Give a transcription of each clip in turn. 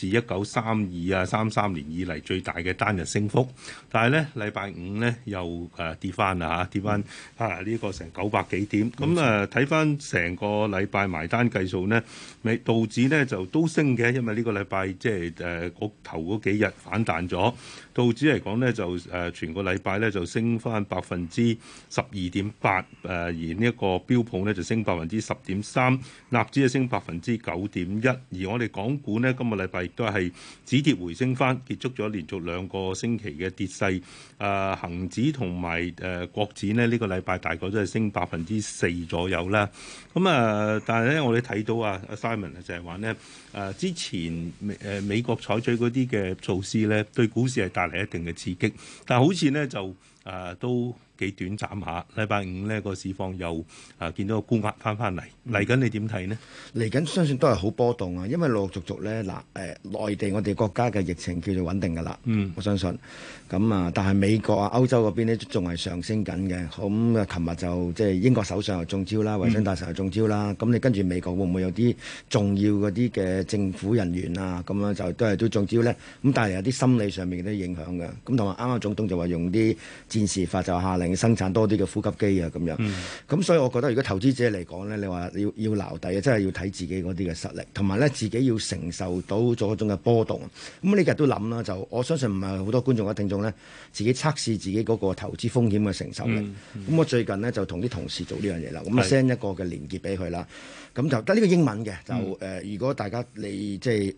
自一九三二啊三三年以嚟最大嘅單日升幅，但係咧禮拜五咧又誒、呃、跌翻啦吓跌翻啊呢、這個成九百幾點，咁啊睇翻成個禮拜埋單計數咧，道指咧就都升嘅，因為呢個禮拜即係誒、呃、頭頭嗰幾日反彈咗。道指嚟講咧就誒、呃、全個禮拜咧就升翻百分之十二點八誒，而呢一個標普咧就升百分之十點三，納指咧升百分之九點一，而我哋港股咧今個禮拜，都係止跌回升翻，結束咗連續兩個星期嘅跌勢。啊、呃，恆指同埋誒國指咧，呢、呢個禮拜大概都係升百分之四左右啦。咁、嗯呃、啊，但係咧，我哋睇到啊，Simon 啊，就係話咧，誒之前誒、呃、美國採取嗰啲嘅措施咧，對股市係帶嚟一定嘅刺激，但係好似咧就誒、呃、都。幾短暫下，禮拜五呢個市況又啊見到個官壓翻翻嚟嚟緊，你點睇呢？嚟緊相信都係好波動啊！因為陸陸續續咧嗱誒內地我哋國家嘅疫情叫做穩定㗎啦，嗯、我相信。咁啊，但係美國啊、歐洲嗰邊呢，仲係上升緊嘅。咁啊，琴日就即係英國首相又中招啦，衛生大臣又中招啦。咁、嗯、你跟住美國會唔會有啲重要嗰啲嘅政府人員啊咁樣就都係都中招咧？咁但係有啲心理上面嘅都影響㗎。咁同埋啱啱總統就話用啲戰時法就下令。生產多啲嘅呼吸機啊，咁樣，咁、嗯、所以我覺得如果投資者嚟講呢，你話要要留底啊，真係要睇自己嗰啲嘅實力，同埋呢自己要承受到咗嗰種嘅波動。咁呢日都諗啦，就我相信唔係好多觀眾或者聽眾呢，自己測試自己嗰個投資風險嘅承受力。咁、嗯嗯、我最近呢，就同啲同事做呢樣嘢啦，咁啊 send 一個嘅連結俾佢啦。咁就得呢、這個英文嘅，就、嗯呃、如果大家你即係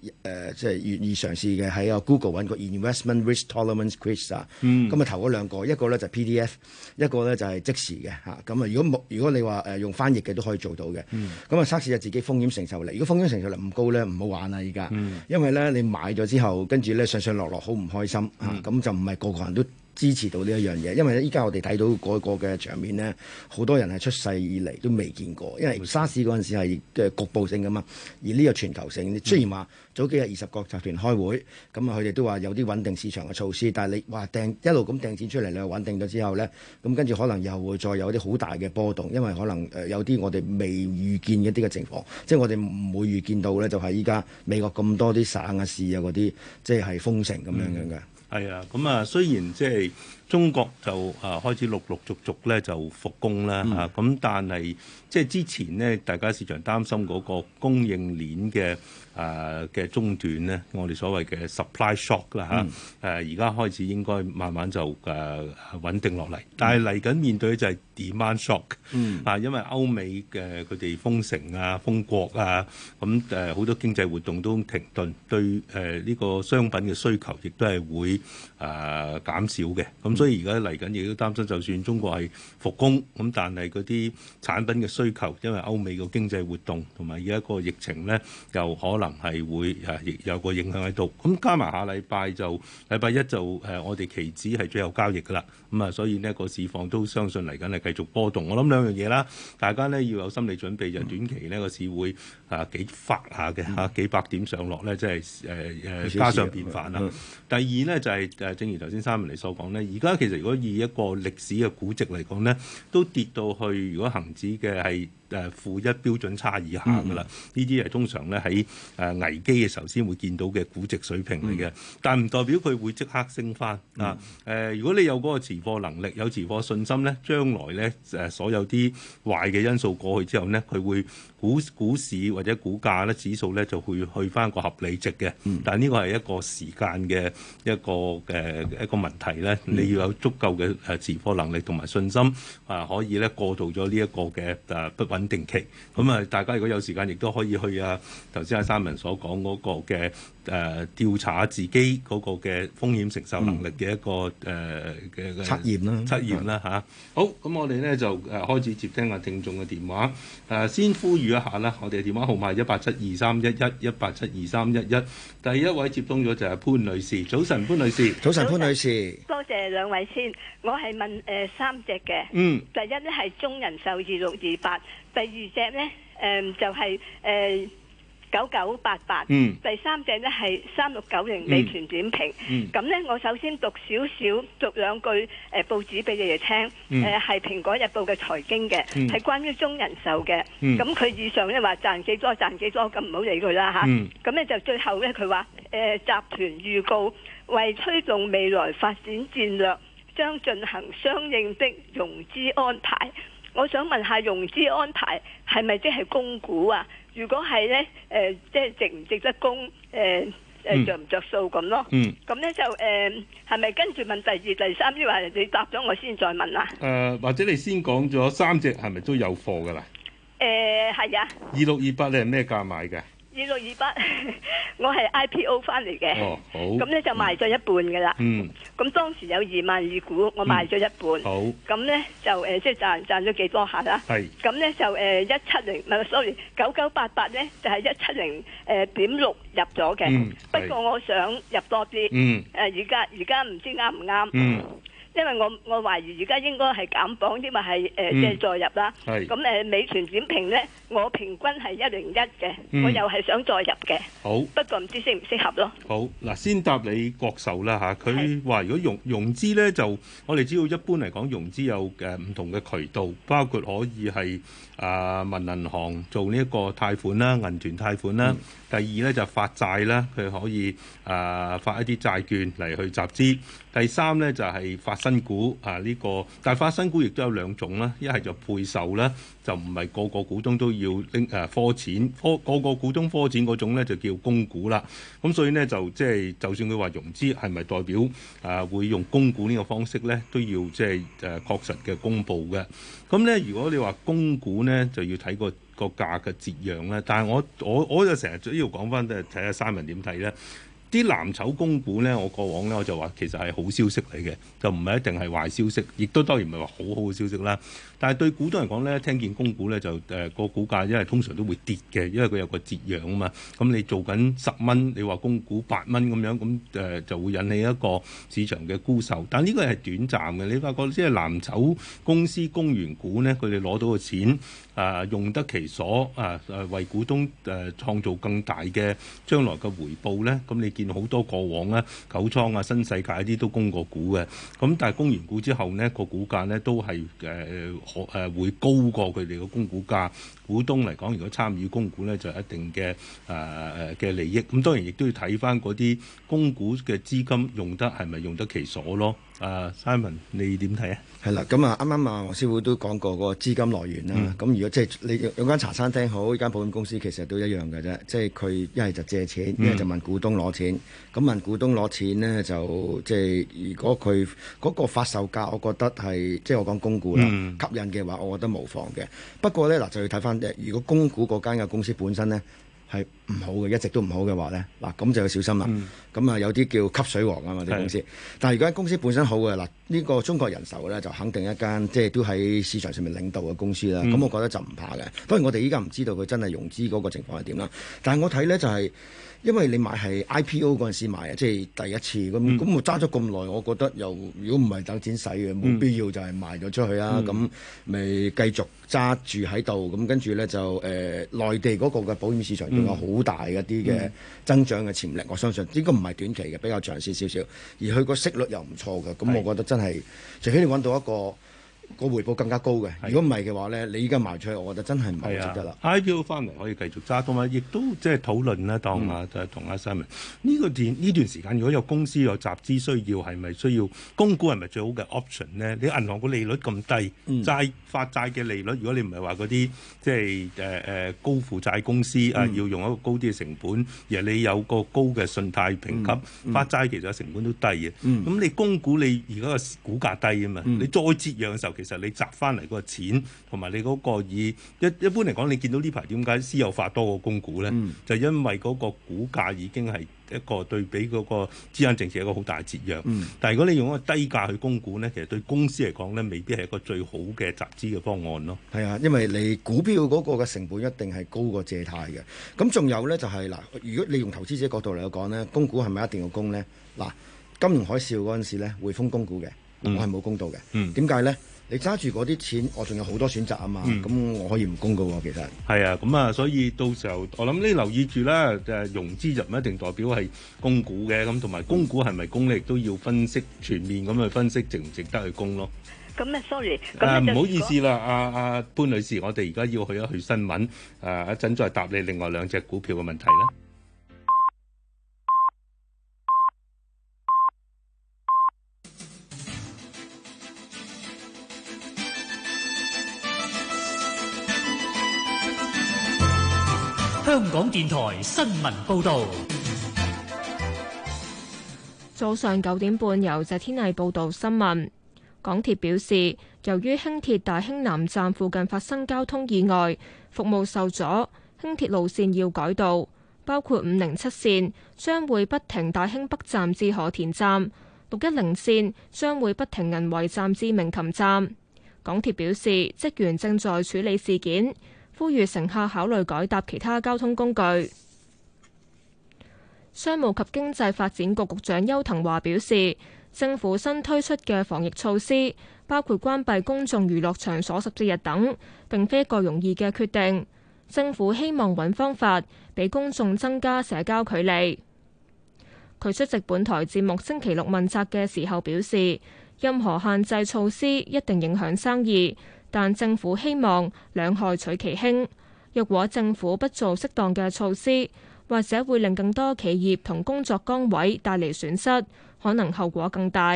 即係願意嘗試嘅，喺啊 Google 揾個 Investment Risk Tolerance Quiz 啊，咁啊、嗯、投嗰兩個，一個咧就係、PDF，一個咧就係、是、即時嘅嚇。咁啊如果冇如果你話、呃、用翻譯嘅都可以做到嘅，咁啊測試下自己風險承受力。如果風險承受力唔高咧，唔好玩啦依家，嗯、因為咧你買咗之後，跟住咧上上落落好唔開心咁、嗯啊、就唔係個個人都。支持到呢一樣嘢，因為呢，依家我哋睇到嗰個嘅場面呢，好多人係出世以嚟都未見過，因為沙士嗰陣時係嘅局部性噶嘛，而呢個全球性。雖然話早幾日二十國集團開會，咁啊佢哋都話有啲穩定市場嘅措施，但係你話掟一路咁掟錢出嚟，你穩定咗之後呢，咁跟住可能又會再有啲好大嘅波動，因為可能誒有啲我哋未預見一啲嘅情況，即係我哋唔會預見到呢，就係依家美國咁多啲省啊市啊嗰啲，即係封城咁樣樣嘅。係啊，咁、哎、啊，雖然即係。中國就啊開始陸陸續續咧就復工啦嚇，咁、嗯啊、但係即係之前咧，大家市場擔心嗰個供應鏈嘅啊嘅中斷咧，我哋所謂嘅 supply shock 啦嚇、嗯，誒而家開始應該慢慢就誒、啊、穩定落嚟，但係嚟緊面對就係 demand shock，嗯、啊因為歐美嘅佢哋封城啊、封國啊，咁誒好多經濟活動都停頓，對誒呢、啊呢個商品嘅需求亦都係會啊減少嘅，咁、啊。所以而家嚟緊亦都擔心，就算中國係復工咁，但係嗰啲產品嘅需求，因為歐美個經濟活動同埋而家個疫情咧，又可能係會誒，亦有個影響喺度。咁加埋下禮拜就禮拜一就誒，我哋期指係最後交易㗎啦。咁啊，所以呢個市況都相信嚟緊係繼續波動。我諗兩樣嘢啦，大家咧要有心理準備，就係、短期呢個市會啊幾發下嘅嚇幾百點上落咧，即係誒誒家常便飯啦。嗯嗯、第二咧就係誒，正如頭先三文嚟所講咧，而家。其實如果以一個歷史嘅估值嚟講咧，都跌到去，如果恒指嘅係。誒負一標準差以下㗎啦，呢啲係通常咧喺誒危機嘅時候先會見到嘅估值水平嚟嘅，但係唔代表佢會即刻升翻啊！誒、呃，如果你有嗰個持貨能力，有持貨信心咧，將來咧誒所有啲壞嘅因素過去之後咧，佢會股股市或者股價咧指數咧就會去翻個合理值嘅。但係呢個係一個時間嘅一個誒一個問題咧，你要有足夠嘅誒持貨能力同埋信心啊，可以咧過渡咗呢一個嘅誒不穩。定期咁啊！大家如果有時間，亦都可以去啊。頭先阿三文所講嗰個嘅誒、呃、調查自己嗰個嘅風險承受能力嘅一個誒嘅、呃、測驗啦，測驗啦嚇的、啊。好，咁、嗯、我哋呢就開始接聽下聽眾嘅電話。誒、啊、先呼籲一下啦，我哋嘅電話號碼一八七二三一一，一八七二三一一。第一位接通咗就係潘女士，早晨潘女士，早晨潘女士，多謝兩位先。我係問誒、呃、三隻嘅，嗯，第一呢係中人壽二六二八。第二隻呢，誒、嗯、就係誒九九八八，呃88，嗯、第三隻呢，係三六九零美團點評。咁、嗯嗯、呢，我首先讀少少，讀兩句誒、呃、報紙俾你哋聽。誒係、嗯《呃、是蘋果日報》嘅財經嘅，係、嗯、關於中人壽嘅。咁佢、嗯、以上呢話賺幾多賺幾多，咁唔好理佢啦嚇。咁咧、嗯、就最後呢，佢話誒集團預告為推動未來發展戰略，將進行相應的融資安排。我想問下融資安排係咪即係供股啊？如果係呢，誒、呃、即係值唔值得供？誒、呃、誒着唔着數咁咯？嗯，咁呢、嗯、就誒係咪跟住問第二第三？定係你答咗我先再問啊？誒、呃、或者你先講咗三隻係咪都有貨㗎啦？誒係、呃、啊。二六二八你係咩價買㗎？二六二八，26, 28, 我係 IPO 翻嚟嘅，咁呢、哦嗯、就賣咗一半噶啦。咁、嗯、當時有二萬二股，我賣咗一半。好、咁呢就誒、是，即係賺賺咗幾多下啦。咁呢就誒，一七零，唔係，sorry，九九八八呢就係一七零誒點六入咗嘅。不過我想入多啲。誒、嗯，而家而家唔知啱唔啱？嗯因為我我懷疑而家應該係減磅，因為係誒即係再入啦。係咁誒，美團點評咧，我平均係一零一嘅，我又係想再入嘅。好，不過唔知適唔適合咯。好嗱，先答你國壽啦嚇，佢話如果融融資咧，就我哋知道一般嚟講融資有誒唔同嘅渠道，包括可以係啊問銀行做呢一個貸款啦、銀團貸款啦。第二咧就發債啦，佢可以啊發一啲債券嚟去集資。第三咧就係發新股啊！呢、這個但係發新股亦都有兩種啦，一係就配售啦，就唔係個個股東都要拎、啊、科錢，科個個股東科錢嗰種咧就叫供股啦。咁所以呢，就即係、就是、就算佢話融資係咪代表誒、啊、會用供股呢個方式咧，都要即係誒確實嘅公佈嘅。咁咧如果你話供股咧，就要睇個個價嘅折讓啦。但係我我我就成日主要講翻睇下 Simon 點睇咧。看看啲藍籌公股咧，我過往咧，我就話其實係好消息嚟嘅，就唔係一定係壞消息，亦都當然唔係話好好嘅消息啦。但係對股東嚟講咧，聽見供股咧就誒個、呃、股價，因為通常都會跌嘅，因為佢有個折讓啊嘛。咁你做緊十蚊，你話供股八蚊咁樣，咁、呃、誒就會引起一個市場嘅沽售。但呢個係短暫嘅，你發覺即係藍籌公司供完股呢，佢哋攞到嘅錢啊、呃、用得其所啊、呃，為股東誒、呃、創造更大嘅將來嘅回報咧。咁、呃、你見好多過往啊，九倉啊、新世界啲都供過股嘅。咁但係供完股之後呢，個股價呢都係誒，呃誒會高過佢哋個供股價，股東嚟講，如果參與供股咧，就係、一定嘅誒誒嘅利益。咁當然亦都要睇翻嗰啲供股嘅資金用得係咪用得其所咯。誒、呃、Simon，你點睇啊？係喇，咁啊，啱啱啊，黃師傅都講過嗰個資金來源啦。咁、嗯、如果即係你有間茶餐廳好，呢間保險公司其實都一樣嘅啫。即係佢一係就借錢，一係就問股東攞錢。咁、嗯、問股東攞錢咧，就即係如果佢嗰個發售價，我覺得係即係我講供股啦，嗯、吸引嘅話，我覺得無妨嘅。不過咧，嗱就要睇返，如果供股嗰間嘅公司本身咧。係唔好嘅，一直都唔好嘅話呢，嗱咁就要小心啦。咁啊、嗯、有啲叫吸水王啊嘛啲公司，是的 但係如果間公司本身好嘅嗱，呢、呢個中國人壽呢，就肯定一間即係都喺市場上面領導嘅公司啦。咁、嗯、我覺得就唔怕嘅。當然我哋依家唔知道佢真係融資嗰個情況係點啦，但係我睇呢就係、是。因為你買係 IPO 嗰陣時買啊，即、就、係、是、第一次咁，咁我揸咗咁耐，我覺得又如果唔係等錢使嘅，冇必要就係賣咗出去啦。咁咪、嗯、繼續揸住喺度。咁跟住咧就誒，內、呃、地嗰個嘅保險市場仲有好大一啲嘅增長嘅潛力，嗯、我相信應該唔係短期嘅，比較長線少少。而佢個息率又唔錯嘅，咁我覺得真係是除非你揾到一個。個回報更加高嘅。如果唔係嘅話咧，你依家賣出去，我覺得真係唔值得啦、啊。IPO 翻嚟可以繼續揸，同埋亦都即係討論啦，當下就係同阿 Sam 呢個段呢段時間，如果有公司有集資需要，係咪需要供股係咪最好嘅 option 咧？你銀行個利率咁低，嗯、債發債嘅利率，如果你唔係話嗰啲即係誒誒高負債公司啊，嗯、要用一個高啲嘅成本，而你有個高嘅信貸評級、嗯嗯、發債，其實成本都低嘅。咁、嗯、你供股，你而家個股價低啊嘛，嗯、你再折讓嘅時候。其實你集翻嚟嗰個錢，同埋你嗰個以一一般嚟講，你見到呢排點解私有化多過供股呢？嗯、就因為嗰個股價已經係一個對比嗰個資產淨值一個好大嘅節約。嗯、但如果你用一個低價去供股呢，其實對公司嚟講呢，未必係一個最好嘅集資嘅方案咯。係啊，因為你股票嗰個嘅成本一定係高過借貸嘅。咁仲有呢，就係、是、嗱，如果你用投資者角度嚟講呢，供股係咪一定要供呢？嗱，金融海嘯嗰陣時匯匯豐供股嘅，嗯、我係冇供到嘅。點解、嗯、呢？你揸住嗰啲錢，我仲有好多選擇啊嘛，咁、嗯、我可以唔供嘅喎、哦，其實。係啊，咁、嗯、啊，所以到時候我諗你留意住啦，誒、啊、融資就唔一定代表係供股嘅，咁同埋供股係咪供你亦都要分析全面咁去分析值唔值得去供咯。咁、嗯、啊，sorry，啊唔好意思啦，阿、啊、阿潘女士，我哋而家要去一去新聞，誒、啊、一陣再答你另外兩隻股票嘅問題啦。香港電台新聞報道，早上九點半由謝天麗報道新聞。港鐵表示，由於輕鐵大興南站附近發生交通意外，服務受阻，輕鐵路線要改道，包括五零七線將會不停大興北站至何田站，六一零線將會不停銀圍站至鳴琴站。港鐵表示，職員正在處理事件。呼籲乘客考慮改搭其他交通工具。商務及經濟發展局局長邱騰華表示，政府新推出嘅防疫措施，包括關閉公眾娛樂場所十四日等，並非一個容易嘅決定。政府希望揾方法俾公眾增加社交距離。佢出席本台節目星期六問責嘅時候表示，任何限制措施一定影響生意。但政府希望兩害取其輕。若果政府不做適當嘅措施，或者會令更多企業同工作崗位帶嚟損失，可能後果更大。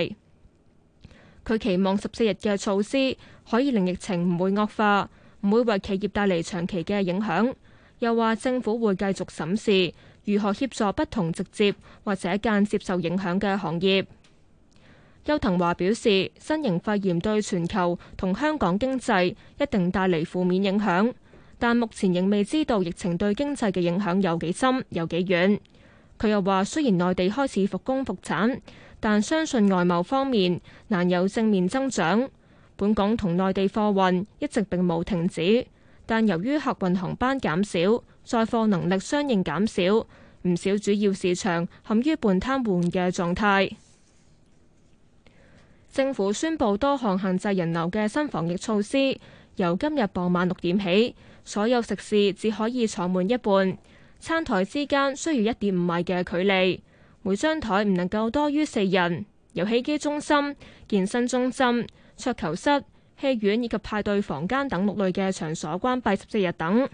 佢期望十四日嘅措施可以令疫情唔會惡化，唔會為企業帶嚟長期嘅影響。又話政府會繼續審視如何協助不同直接或者間接受影響嘅行業。邱騰華表示，新型肺炎對全球同香港經濟一定帶嚟負面影響，但目前仍未知道疫情對經濟嘅影響有幾深、有幾遠。佢又話，雖然內地開始復工復產，但相信外貿方面難有正面增長。本港同內地貨運一直並冇停止，但由於客運航班減少，載貨能力相應減少，唔少主要市場陷於半癱瘓嘅狀態。政府宣布多項限制人流嘅新防疫措施，由今日傍晚六點起，所有食肆只可以坐滿一半，餐台之間需要一點五米嘅距離，每張台唔能夠多於四人。遊戲機中心、健身中心、桌球室、戲院以及派對房間等六類嘅場所關閉十四日等。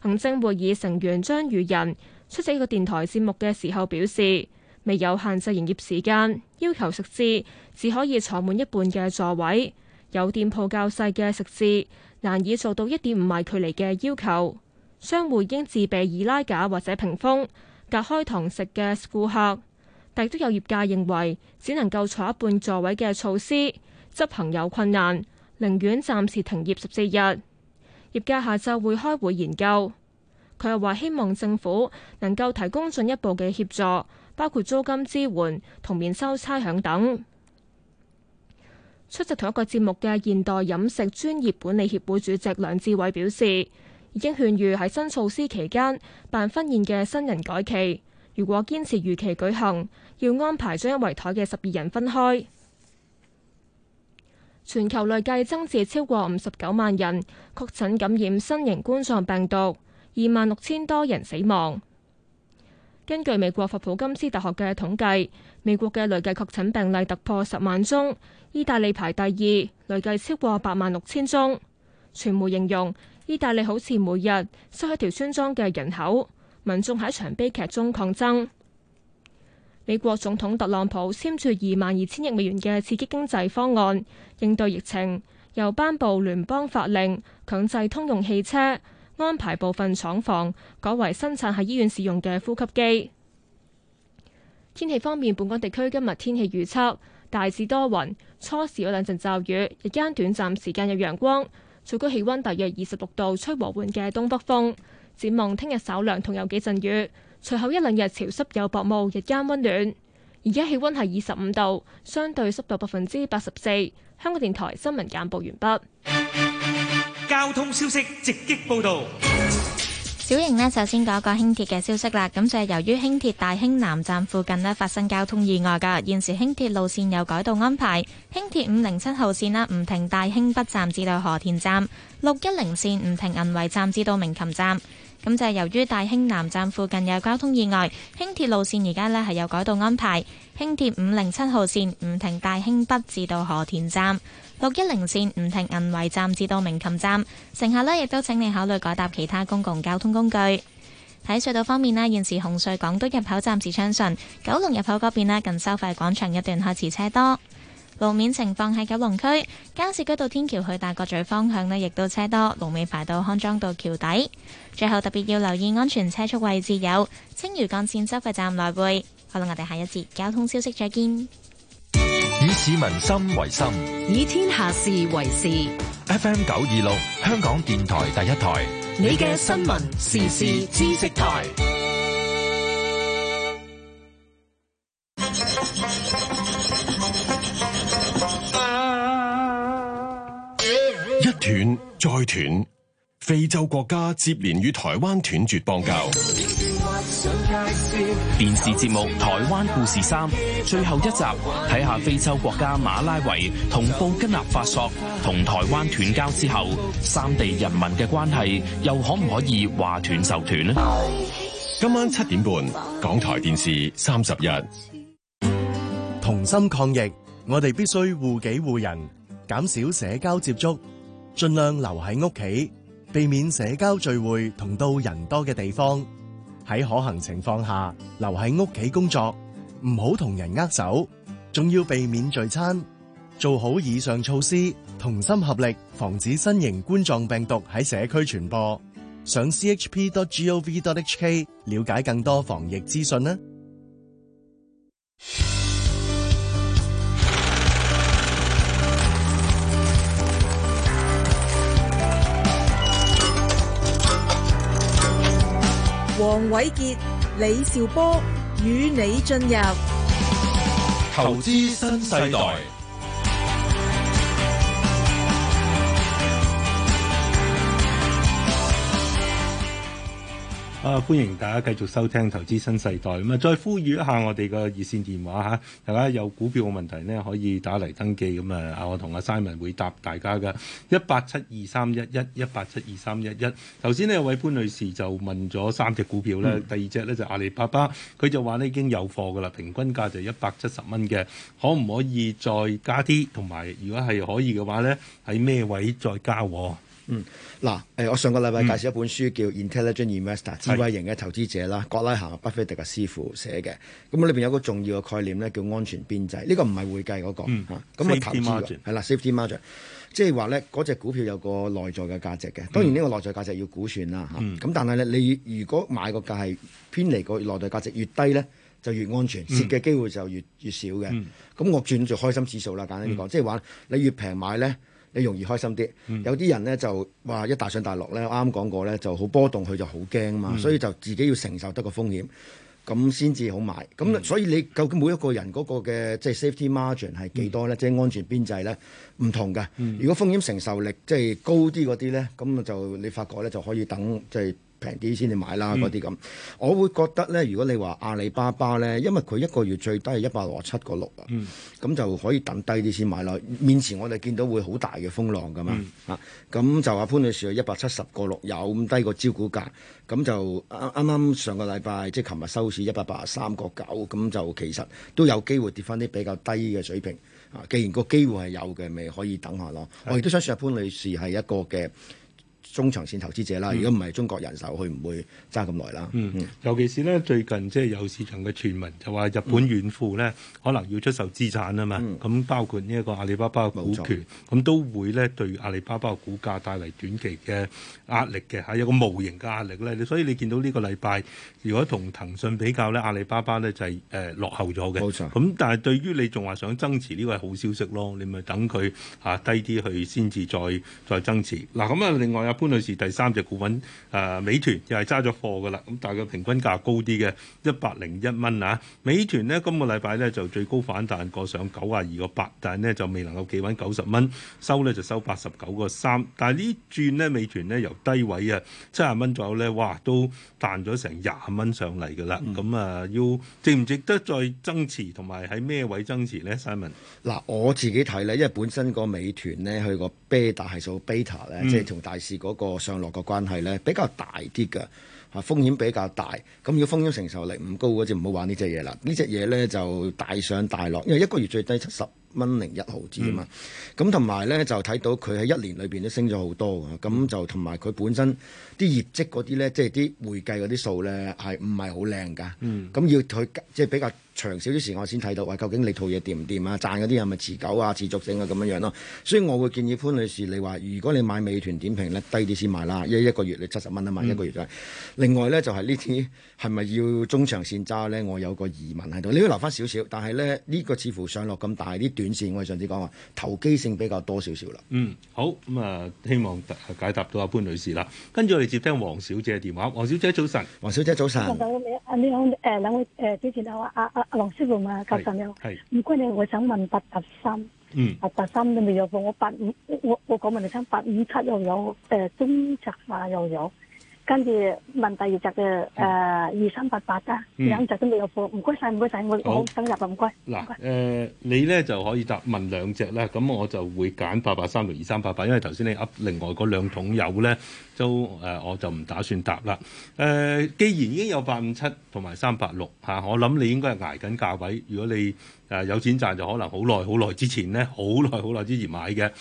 行政會議成員張宇仁出席呢個電台節目嘅時候表示。未有限制營業時間，要求食肆只可以坐滿一半嘅座位。有店鋪較細嘅食肆，難以做到一點五米距離嘅要求。商戶應自備易拉架或者屏風，隔開堂食嘅顧客。但亦都有業界認為，只能夠坐一半座位嘅措施執行有困難，寧願暫時停業十四日。業界下晝會開會研究。佢又話，希望政府能夠提供進一步嘅協助。包括租金支援同免收差餉等。出席同一個節目嘅現代飲食專業管理協會主席梁志偉表示，已經勸喻喺新措施期間辦婚宴嘅新人改期。如果堅持如期舉行，要安排將一圍台嘅十二人分開。全球累計增至超過五十九萬人確診感染新型冠狀病毒，二萬六千多人死亡。根據美國霍普金斯大學嘅統計，美國嘅累計確診病例突破十萬宗，意大利排第二，累計超過八萬六千宗。傳媒形容意大利好似每日失去一條村莊嘅人口，民眾喺場悲劇中抗爭。美國總統特朗普簽署二萬二千億美元嘅刺激經濟方案應對疫情，又頒布聯邦法令強制通用汽車。安排部分廠房改為生產喺醫院使用嘅呼吸機。天氣方面，本港地區今日天氣預測大致多雲，初時有兩陣驟雨，日間短暫時間有陽光，最高氣温大約二十六度，吹和緩嘅東北風。展望聽日稍涼，同有幾陣雨，隨後一兩日潮濕有薄霧，日間温暖。而家氣温係二十五度，相對濕度百分之八十四。香港電台新聞簡報完畢。交通消息直擊報道，小瑩呢，首先講個輕鐵嘅消息啦。咁就係由於輕鐵大興南站附近呢發生交通意外噶，現時輕鐵路綫有改道安排。輕鐵五零七號綫呢唔停大興北站至到河田站，六一零綫唔停銀圍站至到鳴琴站。咁就係由於大興南站附近有交通意外，輕鐵路綫而家呢係有改道安排。輕鐵五零七號綫唔停大興北至到河田站。六一零綫唔停銀圍站至到明琴站，乘客呢亦都請你考慮改搭其他公共交通工具。喺隧道方面呢現時紅隧港島入口暫時暢順，九龍入口嗰邊呢近收費廣場一段開始車多。路面情況喺九龍區，加士居道天橋去大角咀方向呢亦都車多，龍尾排到康莊道橋底。最後特別要留意安全車速位置有青嶼幹綫收費站來回。好啦，我哋下一節交通消息再見。以市民心為心，以天下事為事。FM 九二六，香港電台第一台。你嘅新聞時事知識台。一斷再斷，非洲國家接連與台灣斷絕邦交。電視節目《台灣故事三》最後一集，睇下非洲國家馬拉維同布吉納法索同台灣斷交之後，三地人民嘅關係又可唔可以話斷就斷呢？Bye. 今晚七點半，港台電視三十一同心抗疫，我哋必須護己護人，減少社交接觸，盡量留喺屋企，避免社交聚會同到人多嘅地方。喺可行情況下留喺屋企工作，唔好同人握手，仲要避免聚餐。做好以上措施，同心合力，防止新型冠狀病毒喺社區傳播。上 chp.gov.hk 了解更多防疫資訊啦。黃瑋傑、李兆波與你進入投資新世代。啊！歡迎大家繼續收聽投資新世代咁啊！再呼籲一下我哋個熱線電話嚇，大家有股票嘅問題咧，可以打嚟登記咁啊！我同阿 Simon 會答大家噶一八七二三一一一八七二三一一。頭先咧，有位潘女士就問咗三隻股票咧，嗯、第二隻咧就阿里巴巴，佢就話咧已經有貨噶啦，平均價就一百七十蚊嘅，可唔可以再加啲？同埋如果係可以嘅話呢喺咩位再加嗯。嗱，誒，我上個禮拜介紹一本書、嗯、叫《Intelligent Investor》，智慧型嘅投資者啦，葛是拉罕巴菲特嘅師傅寫嘅。咁啊，裏邊有個重要嘅概念咧，叫安全邊際，呢、這個唔係會計嗰、那個咁啊，嗯嗯、投資係啦，Safety Margin，即係話咧，嗰隻股票有個內在嘅價值嘅。當然呢個內在價值要估算啦嚇。咁、嗯啊、但係咧，你如果買個價係偏離個內在價值越低咧，就越安全，蝕嘅機會就越越少嘅。咁、嗯、我轉做開心指數啦，簡單啲講，嗯、即係話你越平買咧。你容易開心啲，嗯、有啲人咧就話一大上大落咧，啱啱講過咧就好波動，佢就好驚嘛，嗯、所以就自己要承受得個風險，咁先至好買。咁、嗯、所以你究竟每一個人嗰個嘅即係 safety margin 係幾多咧？即係、嗯、安全邊際咧，唔同㗎。嗯、如果風險承受力即係高啲嗰啲咧，咁就你發覺咧就可以等即係，就是平啲先至買啦，嗰啲咁，嗯、我會覺得呢。如果你話阿里巴巴呢，因為佢一個月最低係一百六十七個六啊，咁就可以等低啲先買咯。面前我哋見到會好大嘅風浪噶嘛，嗯、啊，咁就話潘女士一百七十個六有咁低個招股價，咁就啱啱、啊、上個禮拜即係琴日收市一百八十三個九，咁就其實都有機會跌翻啲比較低嘅水平啊。既然個機會係有嘅，咪可以等下咯。的我亦都想說阿潘女士係一個嘅。中長線投資者啦，如果唔係中國人壽，佢唔會爭咁耐啦。嗯，嗯尤其是咧最近即係有市場嘅傳聞，就話日本軟庫咧、嗯、可能要出售資產啊嘛。咁、嗯、包括呢一個阿里巴巴嘅股權，咁錯都會咧對阿里巴巴嘅股價帶嚟短期嘅壓力嘅嚇，有個無形嘅壓力咧。所以你見到呢個禮拜，如果同騰訊比較咧，阿里巴巴咧就係、是、誒、呃、落後咗嘅。冇錯。咁但係對於你仲話想增持呢、這個係好消息咯，你咪等佢嚇低啲去先至再再增持。嗱，咁啊另外有。觀女士第三隻股份，誒、呃、美團又係揸咗貨噶啦，咁但係佢平均價高啲嘅一百零一蚊啊！美團呢，今個禮拜呢，就最高反彈過上九啊二個八，但係呢，就未能夠企穩九十蚊，收呢，就收八十九個三。但係呢轉呢，美團呢，由低位啊七十蚊左右呢，哇都彈咗成廿蚊上嚟㗎啦！咁、嗯、啊，要值唔值得再增持同埋喺咩位增持呢、Simon? s i m o n 嗱我自己睇呢，因為本身個美團呢，佢個 beta 係數 beta 咧、嗯，即係同大市、那個，嗰個上落個關係咧比較大啲嘅，啊風險比較大，咁要風險承受力唔高嗰隻唔好玩這東西這東西呢隻嘢啦。呢隻嘢咧就大上大落，因為一個月最低七十蚊零一毫子啊嘛。咁同埋咧就睇到佢喺一年裏邊都升咗好多嘅，咁就同埋佢本身啲業績嗰啲咧，即係啲會計嗰啲數咧係唔係好靚噶？咁、嗯、要佢即係比較。長少少時，我先睇到，喂，究竟你套嘢掂唔掂啊？賺嗰啲係咪持久啊、持續性啊咁樣樣咯？所以我會建議潘女士，你話如果你買美團點評咧，低啲先買啦，因為一一個月你七十蚊啊嘛，嗯、一個月就係。另外咧就係呢啲係咪要中長線揸咧？我有個疑問喺度，你要留翻少少，但係咧呢、呢個似乎上落咁大啲短線，我哋上次講話投機性比較多少少啦。嗯，好咁啊、嗯，希望解答到阿潘女士啦。跟住我哋接聽黃小姐嘅電話，黃小姐早晨，黃小姐早晨。你好，你好，兩位誒主持人，我阿阿。阿黃師傅嘛，教授你。唔該你，我想問八八三。嗯，八八三你未有貨？我，我八五，我我講問你聽，八五七又有，有，誒、呃，中石化又有，跟住問第二隻嘅誒二三八八、啊、好啦，兩隻都未有貨。唔該晒，唔該晒，我我想入唔該。嗱，誒，你咧就可以答問兩隻啦。咁我就會揀八八三同二三八八，因為頭先你呃另外嗰兩桶油咧。都誒、呃，我就唔打算答啦。誒、呃，既然已經有八五七同埋三八六嚇，我諗你應該係捱緊價位。如果你誒、呃、有錢賺，就可能好耐好耐之前咧，好耐好耐之前買嘅。咁、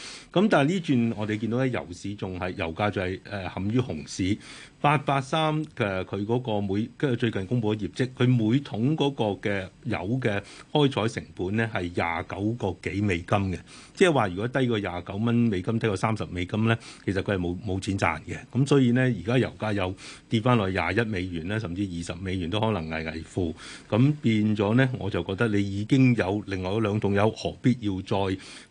嗯、但係呢轉，我哋見到咧，油市仲係油價仲係誒陷於熊市。八八三嘅佢嗰個每，跟住最近公布嘅業績，佢每桶嗰個嘅油嘅開採成本咧係廿九個幾美金嘅。即係話如果低過廿九蚊美金，低過三十美金咧，其實佢係冇冇錢賺嘅。咁所以呢，而家油價又跌翻落廿一美元啦，甚至二十美元都可能危危乎。咁變咗呢，我就覺得你已經有另外兩桶油，何必要再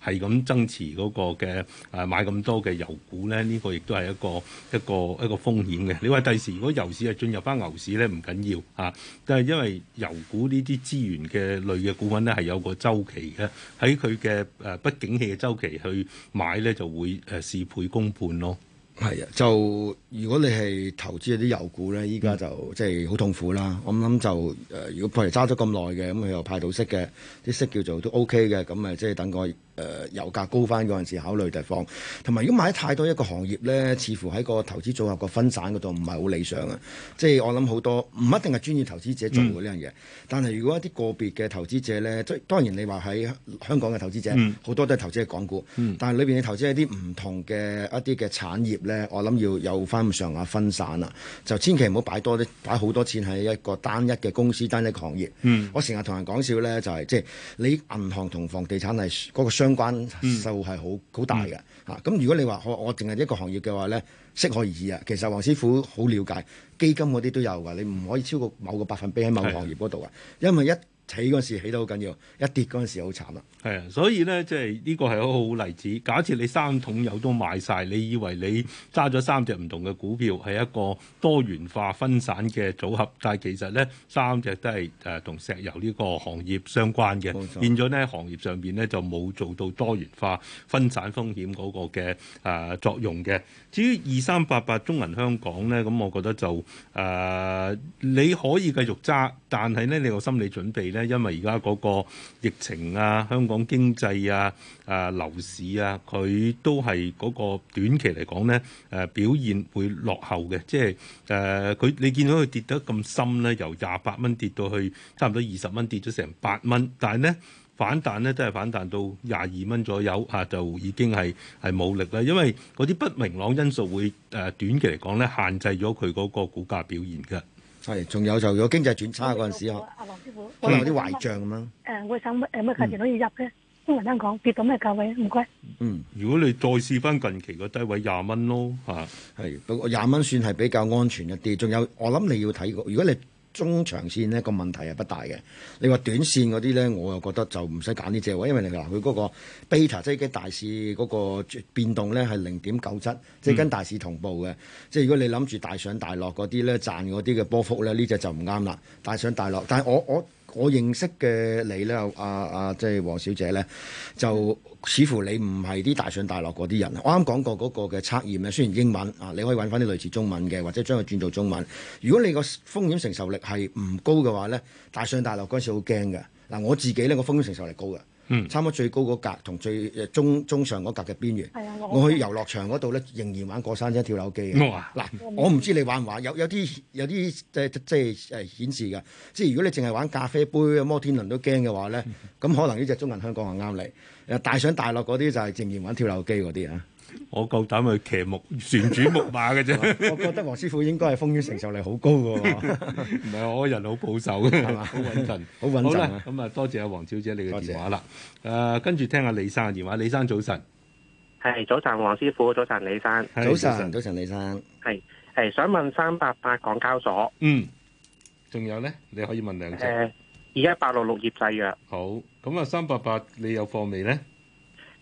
係咁增持嗰個嘅誒買咁多嘅油股呢？呢個亦都係一個一個一個風險嘅。你話第時如果油市係進入翻牛市呢，唔緊要嚇，但係因為油股呢啲資源嘅類嘅股份呢，係有個周期嘅，喺佢嘅不景氣嘅周期去買呢，就會啊、事倍功半咯。係啊，就如果你係投資嗰啲油股咧，依家就即係好痛苦啦。我諗就、呃、如果譬如揸咗咁耐嘅，咁佢又派到息嘅，啲息叫做都 OK 嘅，咁咪即係等個呃，油價高翻嗰陣時考慮地方，同埋如果買太多一個行業咧，似乎喺個投資組合個分散嗰度唔係好理想啊！即、就、係、是、我諗好多唔一定係專業投資者做嘅呢樣嘢，嗯、但係如果一啲個別嘅投資者咧，即係當然你話喺香港嘅投資者好、嗯、多都係投資喺港股，嗯、但係裏邊你投資一啲唔同嘅一啲嘅產業咧，我諗要有翻咁上下分散啦，就千祈唔好擺多啲，擺好多錢喺一個單一嘅公司、單一行業。嗯、我成日同人講笑咧，就係即係你銀行同房地產係嗰個商相關就係好好大嘅吓，咁、嗯嗯啊、如果你話我我淨係一個行業嘅話咧，適可而止啊。其實黃師傅好了解基金嗰啲都有㗎，你唔可以超過某個百分比喺某個行業嗰度啊。是的 因為一起嗰時起得好緊要，一跌嗰時好慘啦，啊。係，所以呢，即係呢個係一個好例子。假設你三桶油都買晒，你以為你揸咗三隻唔同嘅股票係一個多元化分散嘅組合，但係其實呢，三隻都係誒同石油呢個行業相關嘅，變咗呢，行業上邊呢，就冇做到多元化分散風險嗰個嘅誒、呃、作用嘅。至於二三八八中銀香港呢，咁我覺得就誒、呃、你可以繼續揸，但係呢，你有心理準備呢，因為而家嗰個疫情啊，香港。經濟啊，啊樓市啊，佢都係嗰個短期嚟講咧，誒、呃、表現會落後嘅，即係誒佢你見到佢跌得咁深咧，由廿八蚊跌到去差唔多二十蚊，跌咗成八蚊，但係咧反彈咧都係反彈到廿二蚊左右吓、啊，就已經係係冇力啦，因為嗰啲不明朗因素會誒、呃、短期嚟講咧限制咗佢嗰個股價表現㗎。係，仲有就有經濟轉差嗰陣時候啊，可能有啲壞賬咁啦。誒，我想乜誒乜價錢可以入嘅。聽人聽講跌到咩價位唔該？嗯，如果你再試翻近期個低位廿蚊咯，嚇，係不過廿蚊算係比較安全一啲。仲有我諗你要睇過，如果你。中長線呢個問題係不大嘅，你話短線嗰啲咧，我又覺得就唔使揀呢隻位，因為你嗱佢嗰個 beta 即係跟大市嗰個變動咧係零點九七，即係跟大市同步嘅。嗯、即係如果你諗住大上大落嗰啲咧賺嗰啲嘅波幅咧，呢隻就唔啱啦。大上大落，但係我我。我我認識嘅你咧，阿阿即係黃小姐咧，就似乎你唔係啲大上大落嗰啲人。我啱講過嗰個嘅測驗咧，雖然英文啊，你可以揾翻啲類似中文嘅，或者將佢轉做中文。如果你個風險承受力係唔高嘅話咧，大上大落嗰時好驚嘅。嗱，我自己咧，個風險承受力高嘅。嗯，差唔多最高嗰格同最誒中中上嗰格嘅邊緣。啊、哎，我，我去遊樂場嗰度咧，仍然玩過山車、跳樓機嘅。嗱、哦，我唔知你玩唔玩，有有啲有啲即係誒顯示嘅。即係如果你淨係玩咖啡杯、摩天輪都驚嘅話咧，咁可能呢隻中銀香港係啱你。誒大上大落嗰啲就係仍然玩跳樓機嗰啲啊。我夠膽去騎木旋轉木馬嘅啫。 我覺得黃師傅應該係風險承受力好高嘅。唔係 我嘅人好保守嘅，係嘛？好穩好穩啦陣，好穩陣。咁啊，多謝阿黃小姐你嘅電話啦。誒謝、呃，跟住聽下李生嘅電話。李生早晨。係早晨，黃師傅，早晨李生。早晨，早晨李生。係係，想問三八八港交所。嗯。仲有咧，你可以問兩隻。而家八六六業製藥。好，咁啊，三八八你有貨未咧？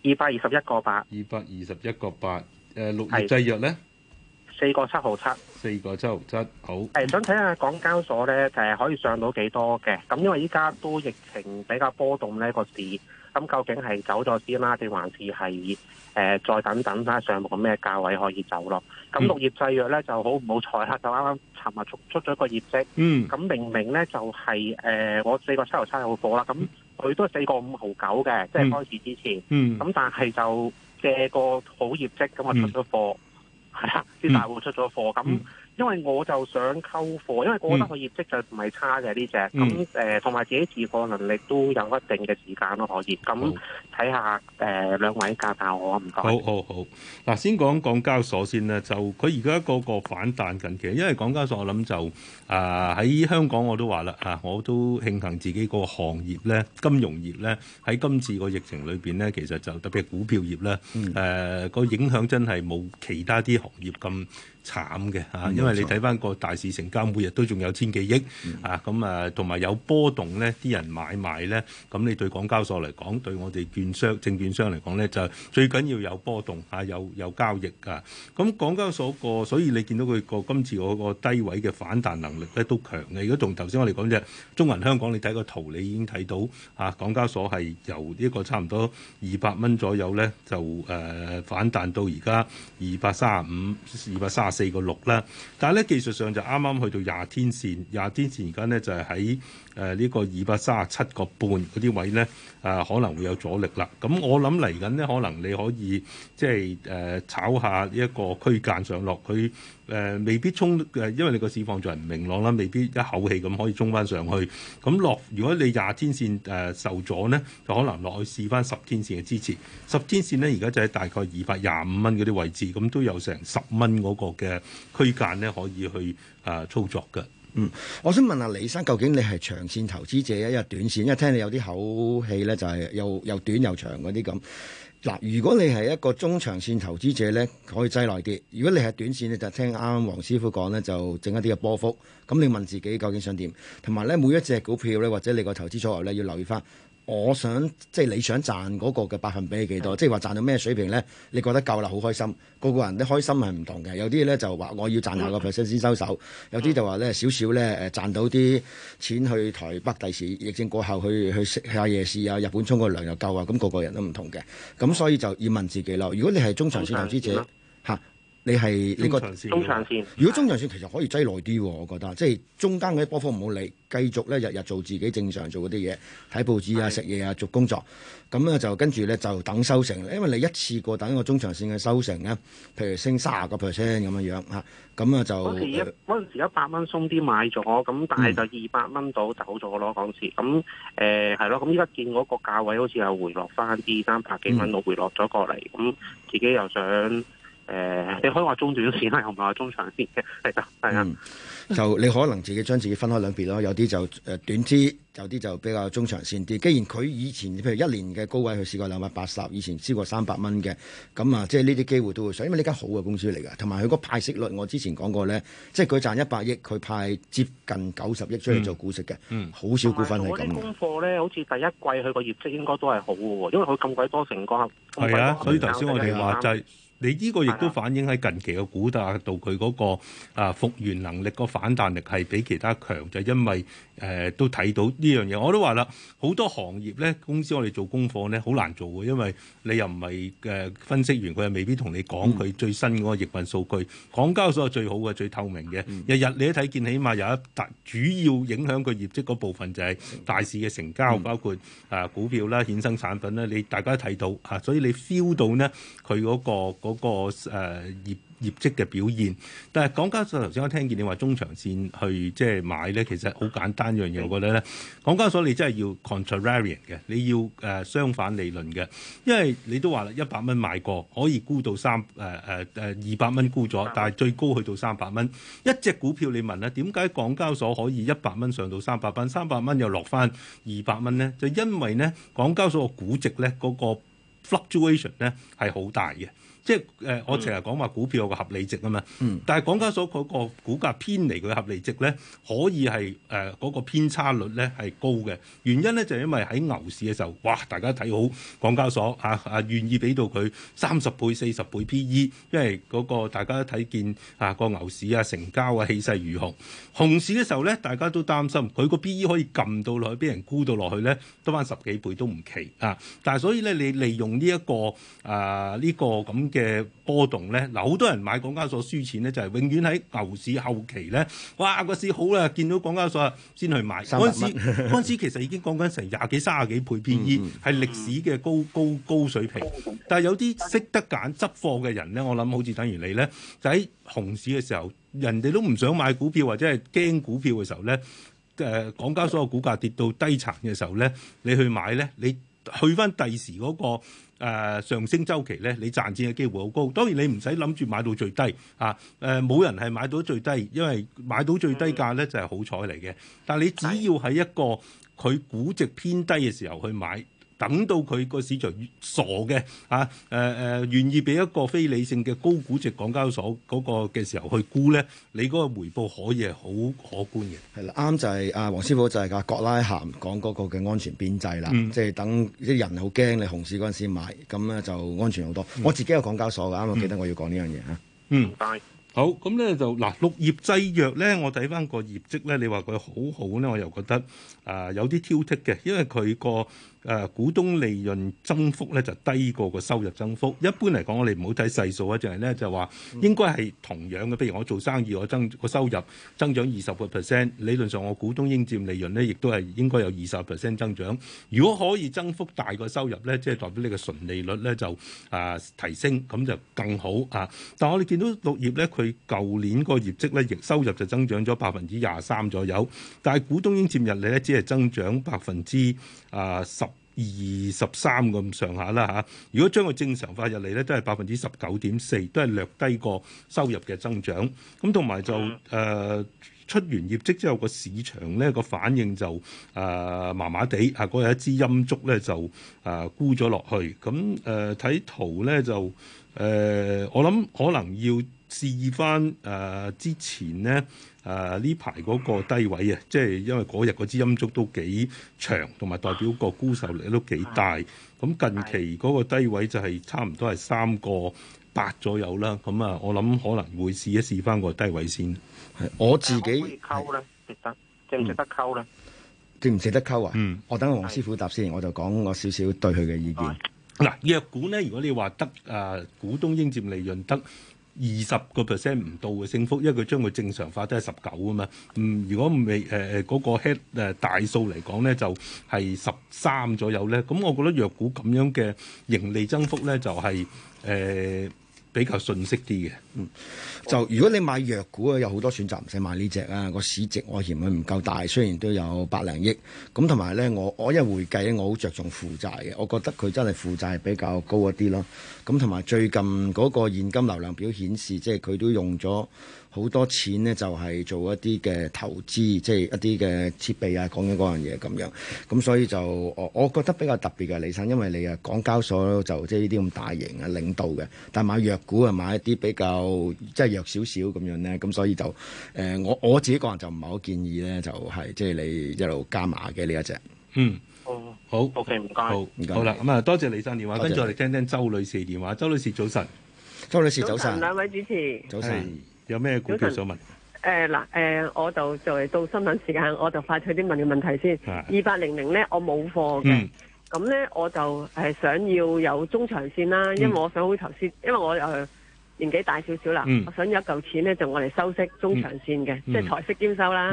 二百二十一個八，二百二十一個八。誒，六葉製藥咧，四個七毫七，四個七毫七。好，誒，想睇下港交所咧，就係、是、可以上到幾多嘅？咁因為依家都疫情比較波動呢個市，咁究竟係走咗先啦，定還是係誒、呃、再等等睇下上到咩價位可以走咯？咁、嗯、六葉製藥咧就好唔好彩客，就啱啱尋日出出咗個業績。嗯。咁明明咧就係、是、誒、呃，我四個七毫七好貨啦。咁。嗯佢都係四個五毫九嘅，即係開始之前，咁、嗯嗯、但係就借個好業績，咁啊出咗貨，係啦、嗯，啲大戶出咗貨，咁、嗯。因為我就想溝貨，因為我覺得佢業績就唔係差嘅呢隻，咁誒同埋自己自貨能力都有一定嘅時間咯，可以咁睇下誒兩、呃、位教教我唔該。好好好，嗱先講港交所先呢就佢而家個個反彈緊嘅，其實因為港交所我諗就啊喺、呃、香港我都話啦啊，我都慶幸自己個行業咧，金融業咧喺今次個疫情裏邊咧，其實就特別係股票業咧，誒個、嗯呃、影響真係冇其他啲行業咁。慘嘅，因為你睇翻個大市成交每日都仲有千幾億，嗯、啊，咁啊同埋有波動咧，啲人買賣咧，咁你對港交所嚟講，對我哋券商證券商嚟講咧，就最緊要有波動嚇、啊，有有交易㗎。咁港交所個，所以你見到佢個今次嗰個低位嘅反彈能力咧都強嘅。如果同頭先我哋講嘅中銀香港，你睇個圖，你已經睇到啊港交所係由呢個差唔多二百蚊左右咧，就、呃、反彈到而家二百三十五、二百四個六啦，6, 但係咧，技術上就啱啱去到廿天線。廿天線而家咧就係喺。誒呢個二百三十七個半嗰啲位咧，啊可能會有阻力啦。咁我諗嚟緊咧，可能你可以即係、誒、炒下呢一個區間上落，佢、啊、未必衝、啊、因為你個市況仲係唔明朗啦，未必一口氣咁可以衝翻上去。咁落，如果你廿天線誒受阻咧，就可能落去試翻十天線嘅支持。十天線咧，而家就喺大概二百廿五蚊嗰啲位置，咁都有成十蚊嗰個嘅區間咧，可以去啊操作嘅。嗯，我想問下李生，究竟你係長線投資者啊，一係短線？因為聽你有啲口氣呢，就係又又短又長嗰啲咁。嗱，如果你係一個中長線投資者呢，可以擠耐啲；如果你係短線呢就聽啱啱黃師傅講呢，就整一啲嘅波幅。咁你問自己究竟想點？同埋呢，每一隻股票呢，或者你個投資組合呢，要留意翻。我想即係你想賺嗰個嘅百分比係幾多？即係話賺到咩水平呢？你覺得夠啦，好開心。個個人啲開心係唔同嘅，有啲呢就話我要賺下個 percent 先收手，的有啲就話呢少少呢誒賺到啲錢去台北地市，第時疫症過後去去食下夜市啊，日本沖個涼又夠啊，咁個個人都唔同嘅。咁所以就要問自己咯。如果你係中長線投資者。你係呢個中長線，如果中長線是的 其實可以揸耐啲喎，我覺得，即係中間嗰啲波幅唔好理，繼續咧日日做自己正常做嗰啲嘢，睇報紙啊、食嘢是的 啊、做工作，咁咧就跟住咧就等收成，因為你一次過等一個中長線嘅收成咧，譬如升卅個 percent 咁樣樣啊，咁啊就好似一嗰、嗯、陣時一百蚊鬆啲買咗，咁但係就二百蚊到走咗咯，嗰陣時，咁誒係咯，咁依家見嗰個價位好似又回落翻啲，三百幾蚊我回落咗過嚟，咁、嗯、自己又想。誒、呃，你可以話中短線，係唔係話中長線嘅？係啊，係、嗯、就你可能自己將自己分開兩邊咯，有啲就誒短啲，有啲就比較中長線啲。既然佢以前譬如一年嘅高位，佢試過兩百八十，以前超過三百蚊嘅，咁啊，即係呢啲機會都會上。因為呢間好嘅公司嚟噶，同埋佢個派息率，我之前講過咧，即係佢賺一百億，佢派接近九十億出去做股息嘅、嗯嗯，好少股份係咁嘅。啲功課咧，好似第一季佢個業績應該都係好喎，因為佢咁鬼多成交，係啊。所以頭先我哋話就係、是。就是你呢個亦都反映喺近期嘅股價度，佢嗰個啊復原能力、個反彈力係比其他強，就係、因為誒、呃、都睇到呢樣嘢。我都話啦，好多行業咧，公司我哋做功課咧，好難做嘅，因為你又唔係誒分析員，佢又未必同你講佢最新嗰個營運數據。嗯、港交所係最好嘅、最透明嘅，日日、嗯、你都睇見，起碼有一大主要影響佢業績嗰部分就係大市嘅成交，嗯、包括啊股票啦、衍生產品啦，你大家都睇到嚇。所以你 feel 到呢佢嗰個。嗰、那個誒、呃、業業績嘅表現，但係港交所頭先我聽見你話中長線去即係買咧，其實好簡單一樣嘢，我覺得咧，港交所你真係要 contrarian 嘅，你要誒、呃、相反理論嘅，因為你都話啦，一百蚊買過可以沽到三誒誒誒二百蚊沽咗，但係最高去到三百蚊，一隻股票你問咧，點解港交所可以一百蚊上到三百蚊，三百蚊又落翻二百蚊咧？就因為咧，港交所個估值咧嗰、那個 fluctuation 咧係好大嘅。即係誒，我成日講話股票有個合理值啊嘛，嗯、但係港交所嗰個股價偏離佢合理值咧，可以係誒嗰個偏差率咧係高嘅。原因咧就係因為喺牛市嘅時候，哇！大家睇好港交所啊啊，願意俾到佢三十倍、四十倍 P E，因為嗰、嗰個大家都睇見啊、嗰個牛市啊成交啊氣勢如虹。熊市嘅時候咧，大家都擔心佢個 P E 可以撳到落去，俾人沽到落去咧，得返十幾倍都唔奇啊！但係所以咧，你利用呢、呢、一個啊呢、呢個咁嘅波動咧，嗱好多人買港交所輸錢咧，就係、是、永遠喺牛市後期咧，哇個市好啦、啊，見到港交所先去買。嗰陣 300 元 時嗰 時其實已經講緊成廿幾三十幾倍 PE，係、mm hmm。歷史嘅高高高水平。但係有啲識得揀執貨嘅人咧，我諗好似等於你咧，就喺熊市嘅時候，人哋都唔想買股票或者係驚股票嘅時候咧，誒港交所嘅股價跌到低層嘅時候咧，你去買咧，你去翻第時嗰、那個。誒上升周期咧，你賺錢嘅機會好高。當然你唔使諗住買到最低啊！誒冇人係買到最低，因為買到最低價咧就係好彩嚟嘅。但係你只要喺一個佢估值偏低嘅時候去買。等到佢個市場傻嘅啊誒誒、呃，願意俾一個非理性嘅高估值港交所嗰個嘅時候去估咧，你嗰個回報可以係好可觀嘅。係啦，啱就係、是、啊，黃師傅就係講格拉咸講嗰個嘅安全邊際啦，嗯、即係等啲人好驚你熊市嗰陣時買，咁咧就安全好多。嗯、我自己有港交所㗎，啱我記得我要講呢樣嘢啊。嗯，大好咁咧就嗱、啊，綠葉製藥咧，我睇翻個業績咧，你話佢好好咧，我又覺得啊有啲挑剔嘅，因為佢個。誒股東利潤增幅咧就低過個收入增幅。一般嚟講，我哋唔好睇細數啊，就係咧就話應該係同樣嘅。譬如我做生意，我增個收入增長二十個 percent，理論上我股東應佔利潤咧，亦都係應該有二十 percent 增長。如果可以增幅大過收入咧，即係代表你嘅純利率咧就啊呃提升，咁就更好啊。但係我哋見到綠葉咧，佢舊年個業績咧，亦收入就增長咗百分之廿三左右，但係股東應佔溢利咧只係增長百分之啊十。二十三個咁上下啦吓，如果將佢正常化入嚟咧，都係百分之十九點四，都係略低過收入嘅增長。咁同埋就、啊呃、出完業績之後，個市場咧、個反應就誒麻麻地，啊、呃、日、嗰、一支陰燭咧就誒、呃、沽咗落去。咁睇、呃、圖咧就誒、呃，我諗可能要。試翻誒之前呢，誒呢排嗰個低位啊，嗯、即係因為嗰日嗰支陰燭都幾長，同埋代表個沽售力都幾大。咁、嗯、近期嗰個低位就係差唔多係三個八左右啦。咁啊，我諗可能會試一試翻個低位先。係我自己，我可以溝咧，是值得，值唔值得溝咧？值唔值得溝啊？嗯，我等黃師傅答先，是我就講我少少對佢嘅意見。嗱是、嗯，若股呢，如果你話得誒，股、呃、東應佔利潤得。二十個 percent 唔到嘅升幅，因為佢將佢正常化都係十九啊嘛。嗯，如果未誒誒嗰個 head、呃、大數嚟講咧，就係十三左右咧。咁我覺得藥股咁樣嘅盈利增幅咧，就係、是、誒、呃、比較信息啲嘅。嗯，我 就如果你買藥股啊，有好多選擇，唔使買呢隻啊。個市值我嫌佢唔夠大，雖然都有百零億。咁同埋咧，我我一回計，我好着重負債嘅，我覺得佢真係負債比較高一啲咯。咁同埋最近嗰個現金流量表顯示，即係佢都用咗好多錢呢，就係做一啲嘅投資，即係一啲嘅設備啊，講緊嗰樣嘢咁樣。咁所以就我覺得比較特別嘅李生，因為你啊港交所就即係呢啲咁大型啊領導嘅，但買弱股啊買一啲比較即係弱少少咁樣咧，咁所以就誒我我自己個人就唔係好建議咧，就係即係你一路加碼嘅呢一隻。嗯。好，唔該。好，好啦，咁啊，多謝李生電話，跟住我哋聽聽周女士電話。周女士早晨，周女士早晨，兩位主持，早晨，有咩股票想問？誒嗱，誒我就就嚟到新聞時間，我就快脆啲問你問題先。二八零零咧，我冇貨嘅，咁咧我就係想要有中長線啦，因為我想，好頭先，因為我誒年紀大少少啦，我想有一嚿錢咧，就我嚟收息中長線嘅，即係財息兼收啦。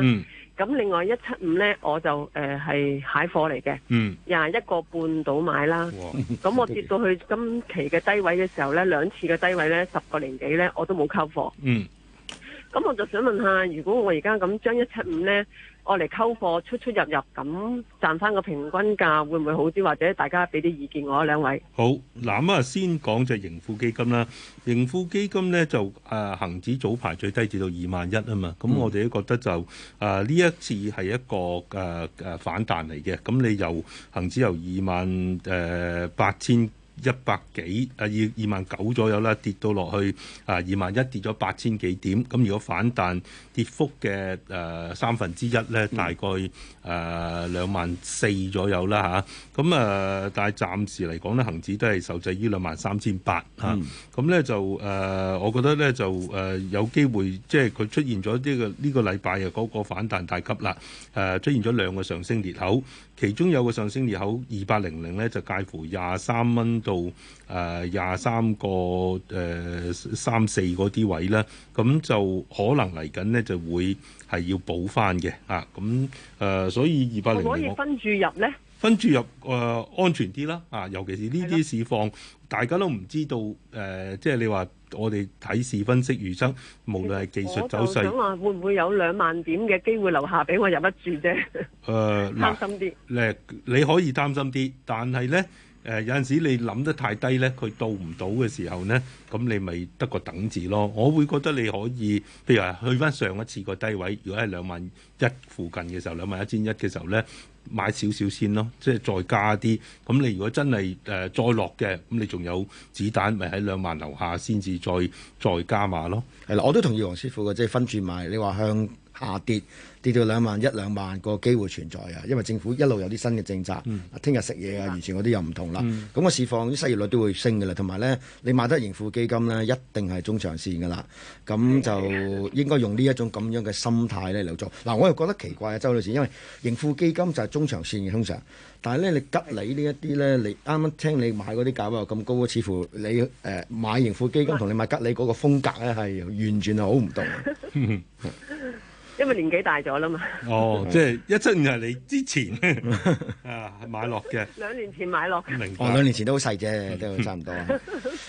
咁另外一七五呢，我就誒係、呃、蟹貨嚟嘅，廿、嗯、一個半度買啦。咁哇我跌到去今期嘅低位嘅時候呢， 兩次嘅低位呢，十個零幾呢，我都冇溝貨。咁、嗯、我就想問下，如果我而家咁將一七五呢，我嚟溝貨出出入入咁賺返個平均價會唔會好啲？或者大家俾啲意見我兩位。好，嗱咁啊，先講就盈富基金啦。盈富基金咧就誒恆、呃、指早排最低至到二萬一啊嘛。咁、嗯、我哋都覺得就呢、呃、一次係一個、呃、反彈嚟嘅。咁你由恒指由二萬八千。一百幾啊二二萬九左右啦，跌到落去啊二萬一跌咗八千幾點，咁如果反彈跌幅嘅誒、呃、三分之一咧，大概誒兩、呃、萬四左右啦吓，咁啊，啊，但係暫時嚟講咧，恒指都係受制於兩萬三千八嚇。咁、啊、咧就誒、呃，我覺得咧就誒、呃、有機會，即係佢出現咗呢、呢個呢、呢個禮拜嘅嗰個反彈大級啦。誒、啊、出現咗兩個上升裂口。其中有個上升裂口二百零零咧，200, 就介乎廿三蚊到誒廿三個誒三四嗰啲位啦，咁就可能嚟緊呢就會係要補翻嘅啊，咁、啊、所以二百零零可以分注入咧，分注入、呃、安全啲啦啊，尤其是呢啲市況的大家都唔知道即係、呃就是、你話。我哋睇事分析預測，無論係技術走勢，我就想話會唔會有兩萬點嘅機會留下俾我入一注啫。誒、呃，擔心啲，誒，你可以擔心啲，但係咧。誒有陣時你諗得太低咧，佢到唔到嘅時候咧，咁你咪得個等字咯。我會覺得你可以譬如話去翻上一次個低位，如果係兩萬一附近嘅時候，兩萬一千一嘅時候咧，買少少先咯，即係再加啲。咁你如果真係誒、呃、再落嘅，咁你仲有子彈咪喺兩萬樓下先至再再加碼咯。係啦，我都同意黃師傅嘅，即係分注買。你話向。下跌跌到兩萬一兩萬個機會存在啊！因為政府一路有啲新嘅政策，啊、嗯，聽日食嘢啊，完全嗰啲又唔同啦。咁個、嗯、市況啲失業率都會升嘅啦，同埋咧，你買得盈富基金咧，一定係中長線嘅啦。咁就應該用呢一種咁樣嘅心態咧嚟做。嗱、啊，我又覺得奇怪啊，周女士，因為盈富基金就係中長線嘅通常，但係咧你吉利呢一啲咧，你啱啱聽你買嗰啲價位咁高，似乎你誒、呃、買盈富基金同你買吉利嗰個風格咧係完全係好唔同。 因為年紀大咗啦嘛，哦，是即係一七年就係你之前 啊，係買落嘅， 兩年前買落，明白哦，兩年前都好細啫， 都差唔多啊，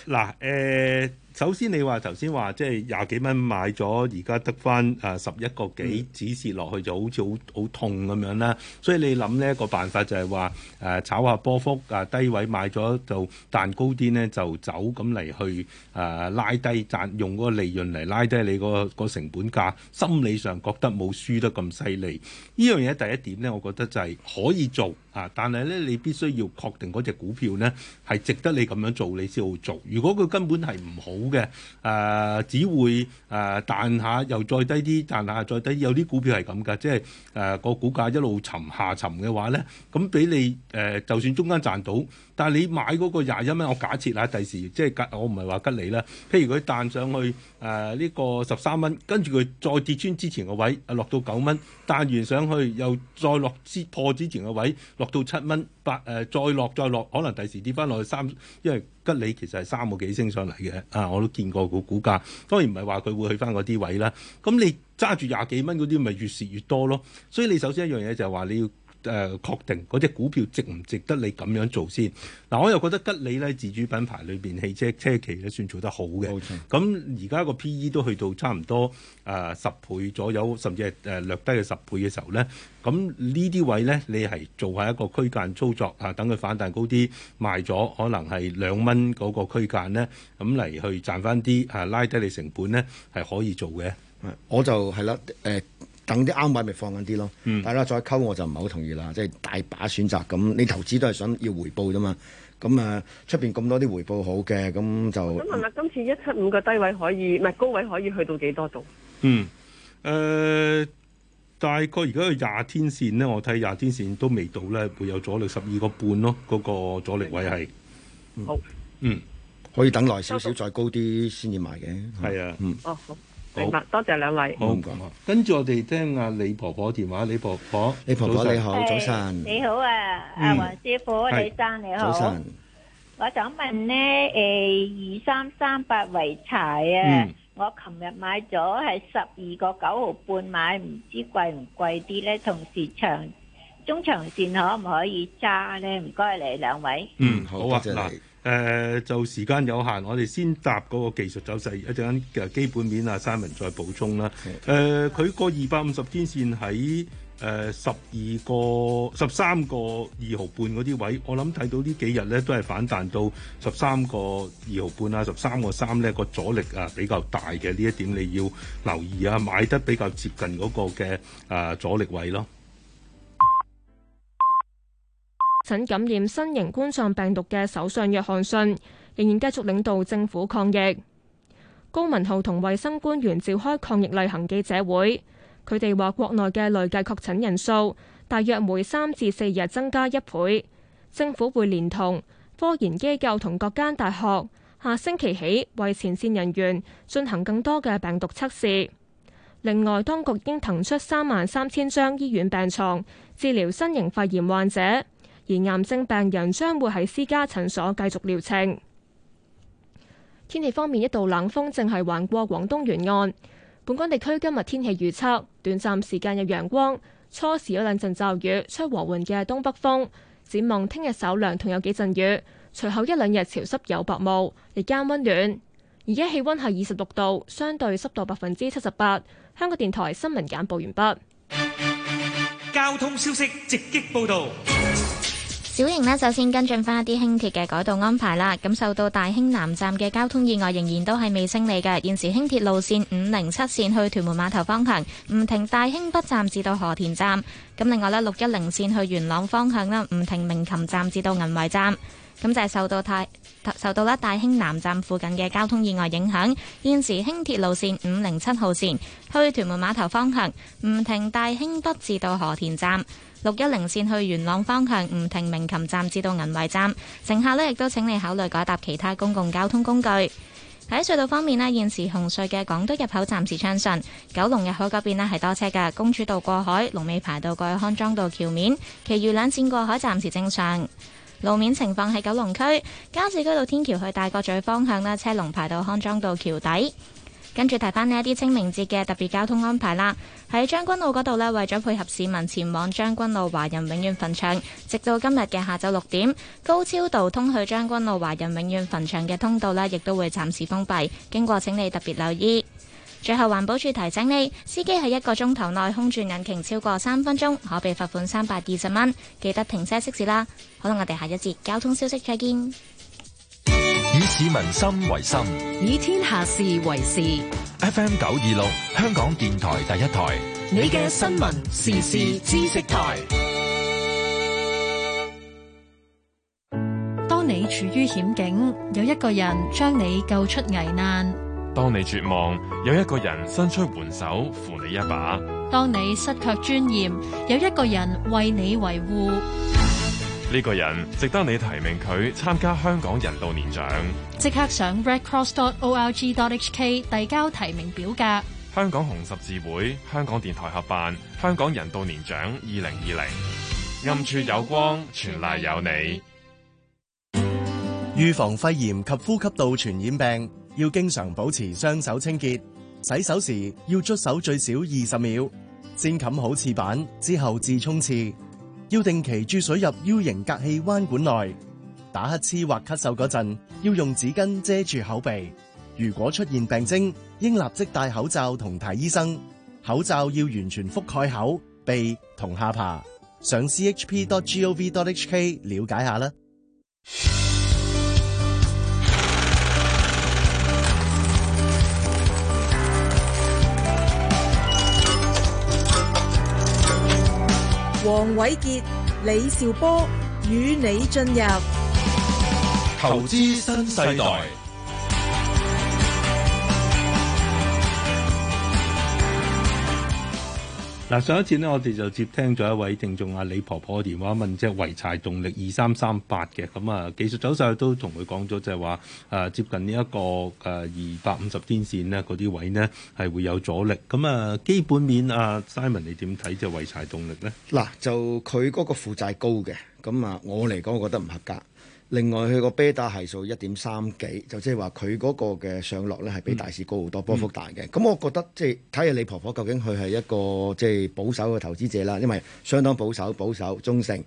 嗱， 誒、呃。首先你話頭先話即係廿幾蚊買咗，而家得翻誒十一個幾，指示落去就好似好好痛咁樣啦。所以你諗呢一個辦法就係話誒炒下波幅，誒低位買咗就彈高啲呢，就走咁嚟去誒、啊、拉低賺，用嗰個利潤嚟拉低你嗰、那個成本價。心理上覺得冇輸得咁犀利，呢樣嘢第一點呢，我覺得就係可以做。啊！但係咧，你必須要確定嗰隻股票咧，係值得你咁樣做，你先好做。如果佢根本係唔好嘅，誒、呃、只會誒、呃、彈下又再低啲，彈下再低啲。有啲股票係咁㗎，即係誒、呃，個股價一路沉下沉嘅話咧，咁俾你誒，就算中間賺到。但係你買嗰個廿一蚊，我假設啦，第時即係吉，我唔係話吉利啦。譬如佢彈上去誒呢、呃這個十三蚊，跟住佢再跌穿之前個位，啊落到九蚊，彈完上去又再落之破之前個位，落到七蚊八誒，再落再落，可能第時跌翻落去三，因為吉利其實係三個幾升上嚟嘅，啊我都見過個股價。當然唔係話佢會去翻嗰啲位啦。咁你揸住廿幾蚊嗰啲，咪越蝕越多咯。所以你首先一樣嘢就係話你要。誒、呃、確定嗰隻股票值唔值得你咁樣做先？嗱、啊，我又覺得吉利咧，自主品牌裏邊汽車汽車企咧，算做得好嘅。冇錯。咁而家個 PE 都去到差唔多啊十、呃、倍左右，甚至係誒、呃、略低嘅十倍嘅時候咧，咁呢啲位咧，你係做下一個區間操作啊，等佢反彈高啲賣咗，可能係兩蚊嗰個區間咧，咁嚟去賺翻啲啊，拉低你成本咧，係可以做嘅。我就係啦，誒。呃等啲啱買咪放緊啲咯，嗯、大家再溝我就唔係好同意啦，即、就、係、是、大把選擇咁，你投資都係想要回報啫嘛，咁誒出邊咁多啲回報好嘅，咁就想問下今次一七五個低位可以唔係高位可以去到幾多度？嗯誒、呃，大概而家廿天線咧，我睇廿天線都未到咧，會有阻力十二個半咯，嗰、那個阻力位係好嗯，好嗯可以等耐少少再高啲先至賣嘅，係度、嗯、啊，嗯哦明白好，多謝兩位。好唔該、嗯。跟住我哋聽下李婆婆電話，李婆婆，李婆婆你好，早晨、欸。你好啊，阿、嗯啊、黃師傅，李生是你好。早晨。我想問呢，誒、呃，二三三八濰柴啊，嗯、我琴日買咗係十二個九毫半買，唔知貴唔貴啲呢？同時長中長線可唔可以揸呢？唔該你兩位。嗯，好啊，嗱。誒、呃、就時間有限，我哋先答嗰個技術走勢，一陣間嘅基本面啊，Simon 再補充啦。誒、呃，佢個二百五十天線喺誒十二個、十三個二毫半嗰啲位，我諗睇到呢幾日咧都係反彈到十三個二毫半啦，十三個三咧個阻力啊比較大，嘅呢一點你要留意啊，買得比較接近嗰個嘅啊阻力位咯。曾感染新型冠狀病毒嘅首相約翰遜仍然繼續領導政府抗疫。高文浩同衛生官員召開抗疫例行記者會，佢哋話國內嘅累計確診人數大約每三至四日增加一倍。政府會連同科研機構同各間大學下星期起為前線人員進行更多嘅病毒測試。另外，當局已經騰出三萬三千張醫院病床治療新型肺炎患者。而癌症病人將會喺私家診所繼續療程。天氣方面，一度冷風正係橫過廣東沿岸，本港地區今日天氣預測：短暫時間有陽光，初時有兩陣驟雨，吹和緩嘅東北風。展望聽日稍涼同有幾陣雨，隨後一兩日潮濕有薄霧，日間温暖。而家氣温係二十六度，相對濕度百分之七十八。香港電台新聞簡報完畢。交通消息直擊報導。小型呢，首先跟進翻一啲輕鐵嘅改道安排啦。咁受到大興南站嘅交通意外，仍然都係未清理嘅。現時輕鐵路線五零七線去屯門碼頭方向唔停大興北站至到河田站。咁另外呢，六一零線去元朗方向呢，唔停明琴站至到銀圍站。咁就係受到太，受到啦大興南站附近嘅交通意外影響。現時輕鐵路線五零七號線去屯門碼頭方向唔停大興北至到河田站。六一零線去元朗方向，唔停鳴琴站至到銀圍站，乘客呢亦都請你考慮改搭其他公共交通工具。喺隧道方面呢，現時紅隧嘅港島入口暫時暢順，九龍入口嗰邊呢係多車㗎，公主道過海、龍尾排到過去康莊道橋面，其餘兩線過海暫時正常。路面情況喺九龍區，加士居道天橋去大角咀方向呢，車龍排到康莊道橋底。跟住提翻呢一啲清明節嘅特別交通安排啦，喺將軍澳嗰度呢，為咗配合市民前往將軍澳華人永遠墳場，直到今日嘅下晝六點，高超道通去將軍澳華人永遠墳場嘅通道呢，亦都會暫時封閉，經過請你特別留意。最後，環保處提醒你，司機喺一個鐘頭內空轉引擎超過三分鐘，可被罰款三百二十蚊，記得停車熄匙啦。好啦，我哋下一節交通消息再見。以市民心為心，以天下事為事。FM 九二六，香港電台第一台。你嘅新聞時事知識台。當你處於險境，有一個人將你救出危難；當你絕望，有一個人伸出援手扶你一把；當你失卻尊嚴，有一個人為你維護。呢個人值得你提名佢參加香港人道年獎，即刻上 redcross.org.hk 遞交提名表格。香港紅十字會、香港電台合辦香港人道年獎2020、嗯、暗處有光，全賴有你。預防肺炎及呼吸道傳染病，要經常保持雙手清潔。洗手時要捽手最少二十秒，先冚好廁板之後至沖廁，要定期注水入 U 型隔氣彎管內，打乞嗤或咳嗽嗰陣要用紙巾遮住口鼻。如果出現病徵，應立即戴口罩同睇醫生。口罩要完全覆蓋口、鼻同下巴。上 chp.gov.hk 了解下啦。黃瑋傑、李兆波與你進入投資新世代。嗱，上一次呢，我哋就接聽咗一位聽眾阿李婆婆嘅電話問，問即係濰柴動力二三三八嘅，咁啊技術走勢都同佢講咗，就係話接近呢、誒、一個誒二百五十天線呢嗰啲位呢係會有阻力。咁啊基本面啊 Simon 你點睇即係濰柴動力咧？嗱，就佢嗰個負債高嘅，咁啊我嚟講我覺得唔合格。另外佢個 beta 係數一點三幾，就即係話佢嗰個嘅上落咧係比大市高好多，嗯、波幅大嘅。咁我覺得即係睇下你婆婆究竟佢係一個即係、就是、保守嘅投資者啦，因為相當保守、保守中性、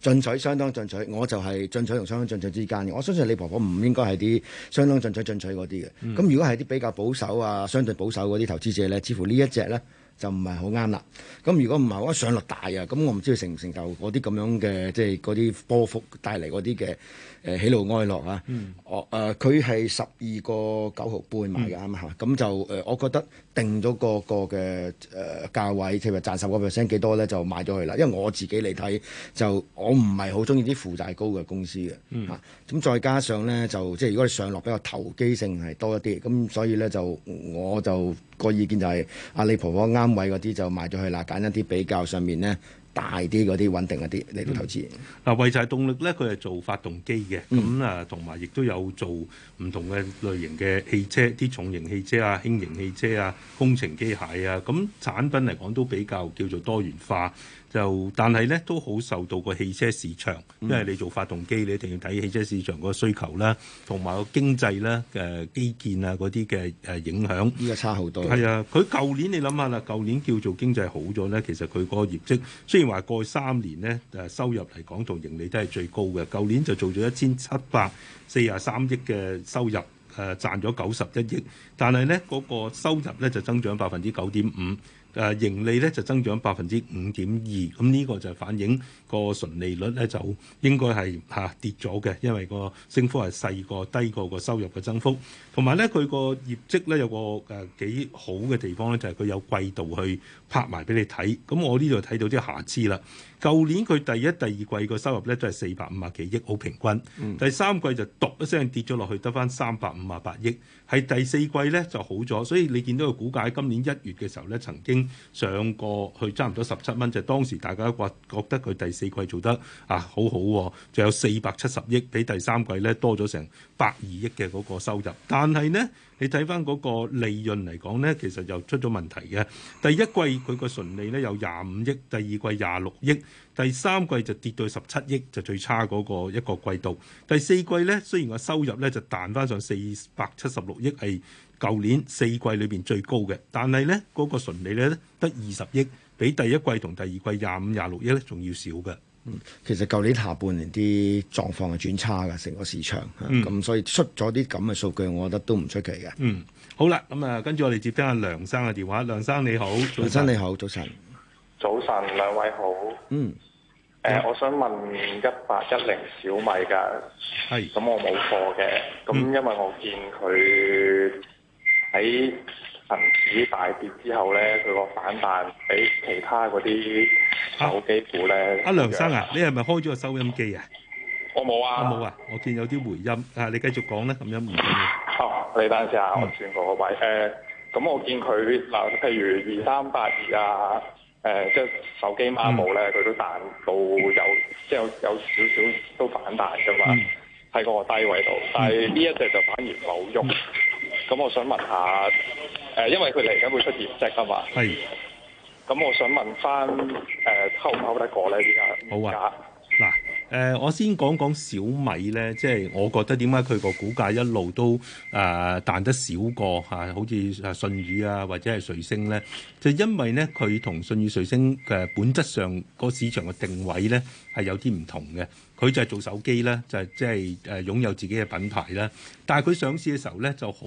進取相當進取，我就係進取同相當進取之間嘅。我相信你婆婆唔應該係啲相當進取進取嗰啲嘅。咁、嗯、如果係啲比較保守啊、相對保守嗰啲投資者咧，似乎呢一隻咧。就唔係好啱啦。咁如果唔係，我一上落大啊，咁我唔知佢成唔成就嗰啲咁樣嘅，即係嗰啲波幅帶嚟嗰啲嘅。誒喜怒哀樂啊！我誒佢係十二個九毫半買嘅、嗯、啊嘛，咁就誒、呃、我覺得定咗個個嘅誒、呃、價位，即譬如賺十個 percent 幾多咧，就賣咗佢啦。因為我自己嚟睇、嗯、就我唔係好中意啲負債高嘅公司嘅嚇。咁、嗯啊、再加上咧就即係如果你上落比較投機性係多一啲，咁所以咧就我就個意見就係、是、阿李婆婆啱位嗰啲就賣咗去啦。揀一啲比較上面咧。大啲嗰啲穩定嗰啲嚟到投資嗱，濰柴動力咧，佢係做發動機嘅，咁、嗯、啊，同埋亦都有做唔同嘅類型嘅汽車，啲重型汽車啊、輕型汽車啊、工程機械啊，咁產品嚟講都比較叫做多元化。就但係咧，都好受到個汽車市場，因為你做發動機，你一定要睇汽車市場個需求啦，同埋個經濟啦、呃、基建啊嗰啲嘅影響。依家差好多。係啊，佢舊年你諗下啦，舊年叫做經濟好咗咧，其實佢個業績雖然話過三年咧，收入嚟講同盈利都係最高嘅。舊年就做咗一千七百四十三億嘅收入，誒賺咗九十一億，但係咧嗰個收入咧就增長百分之九點五。誒盈利咧就增長百分之五點二，咁呢個就反映個純利率咧就應該係跌咗嘅，因為個升幅係細過低過個收入嘅增幅，同埋咧佢個業績咧有個誒幾好嘅地方咧，就係佢有季度去拍埋俾你睇，咁我呢度睇到啲瑕疵啦。舊年佢第一、第二季個收入咧，都係四百五十幾億，好平均。第三季就嘟一聲跌咗落去，得返三百五十八億。係第四季咧就好咗，所以你見到個股價今年一月嘅時候咧，曾經上過去差唔多十七蚊，就當時大家覺覺得佢第四季做得啊好好喎、啊，就有四百七十億比第三季咧多咗成百二億嘅嗰個收入，但係呢。你睇翻嗰個利潤嚟講呢，其實又出咗問題嘅。第一季佢個純利呢有廿五億，第二季廿六億，第三季就跌到十七億，就最差嗰個一個季度。第四季呢，雖然個收入呢就彈翻上四百七十六億，係舊年四季裏邊最高嘅，但係呢嗰個純利呢得二十億，比第一季同第二季廿五廿六億呢仲要少嘅。嗯，其實舊年下半年啲狀況係轉差㗎，成個市場咁、嗯嗯，所以出咗啲咁嘅數據，我覺得都唔出奇嘅、嗯。嗯，好啦，咁啊，跟住我哋接聽阿梁生嘅電話。梁生你好，梁生你好，早晨，早晨，兩位好。嗯，誒、呃，嗯、我想問一八一零小米㗎，係咁是，我冇貨嘅，咁因為我見佢喺。恒指大跌之後咧，佢個反彈畀其他嗰啲手機股咧，阿、啊啊、梁生啊，就是、你係咪開咗個收音機啊？我冇啊，我冇啊，啊，我見有啲回音啊，你繼續講咧，咁樣唔好、啊，你等陣先啊，嗯、我轉個位誒，咁、呃、我見佢嗱，譬如二三八二啊，誒、呃、即係手機碼冇咧，佢、嗯、都彈到有即係有，有少少都反彈噶嘛，喺、嗯、個低位度，但係呢一隻就反而冇用。嗯嗯咁我想問下、呃，因為佢嚟緊會出業績㗎嘛？係、就是。咁是我想問返，誒、呃，溝唔溝得過呢？依家好啊。嗱、呃，我先講講小米咧，即、就、係、是、我覺得點解佢個股價一路都誒、呃、彈得少過、啊、好似誒舜宇啊或者係瑞聲咧，就因為咧佢同舜宇、瑞聲嘅本質上個市場嘅定位咧係有啲唔同嘅，佢就係做手機啦，就係即係擁有自己嘅品牌啦，但係佢上市嘅時候咧就好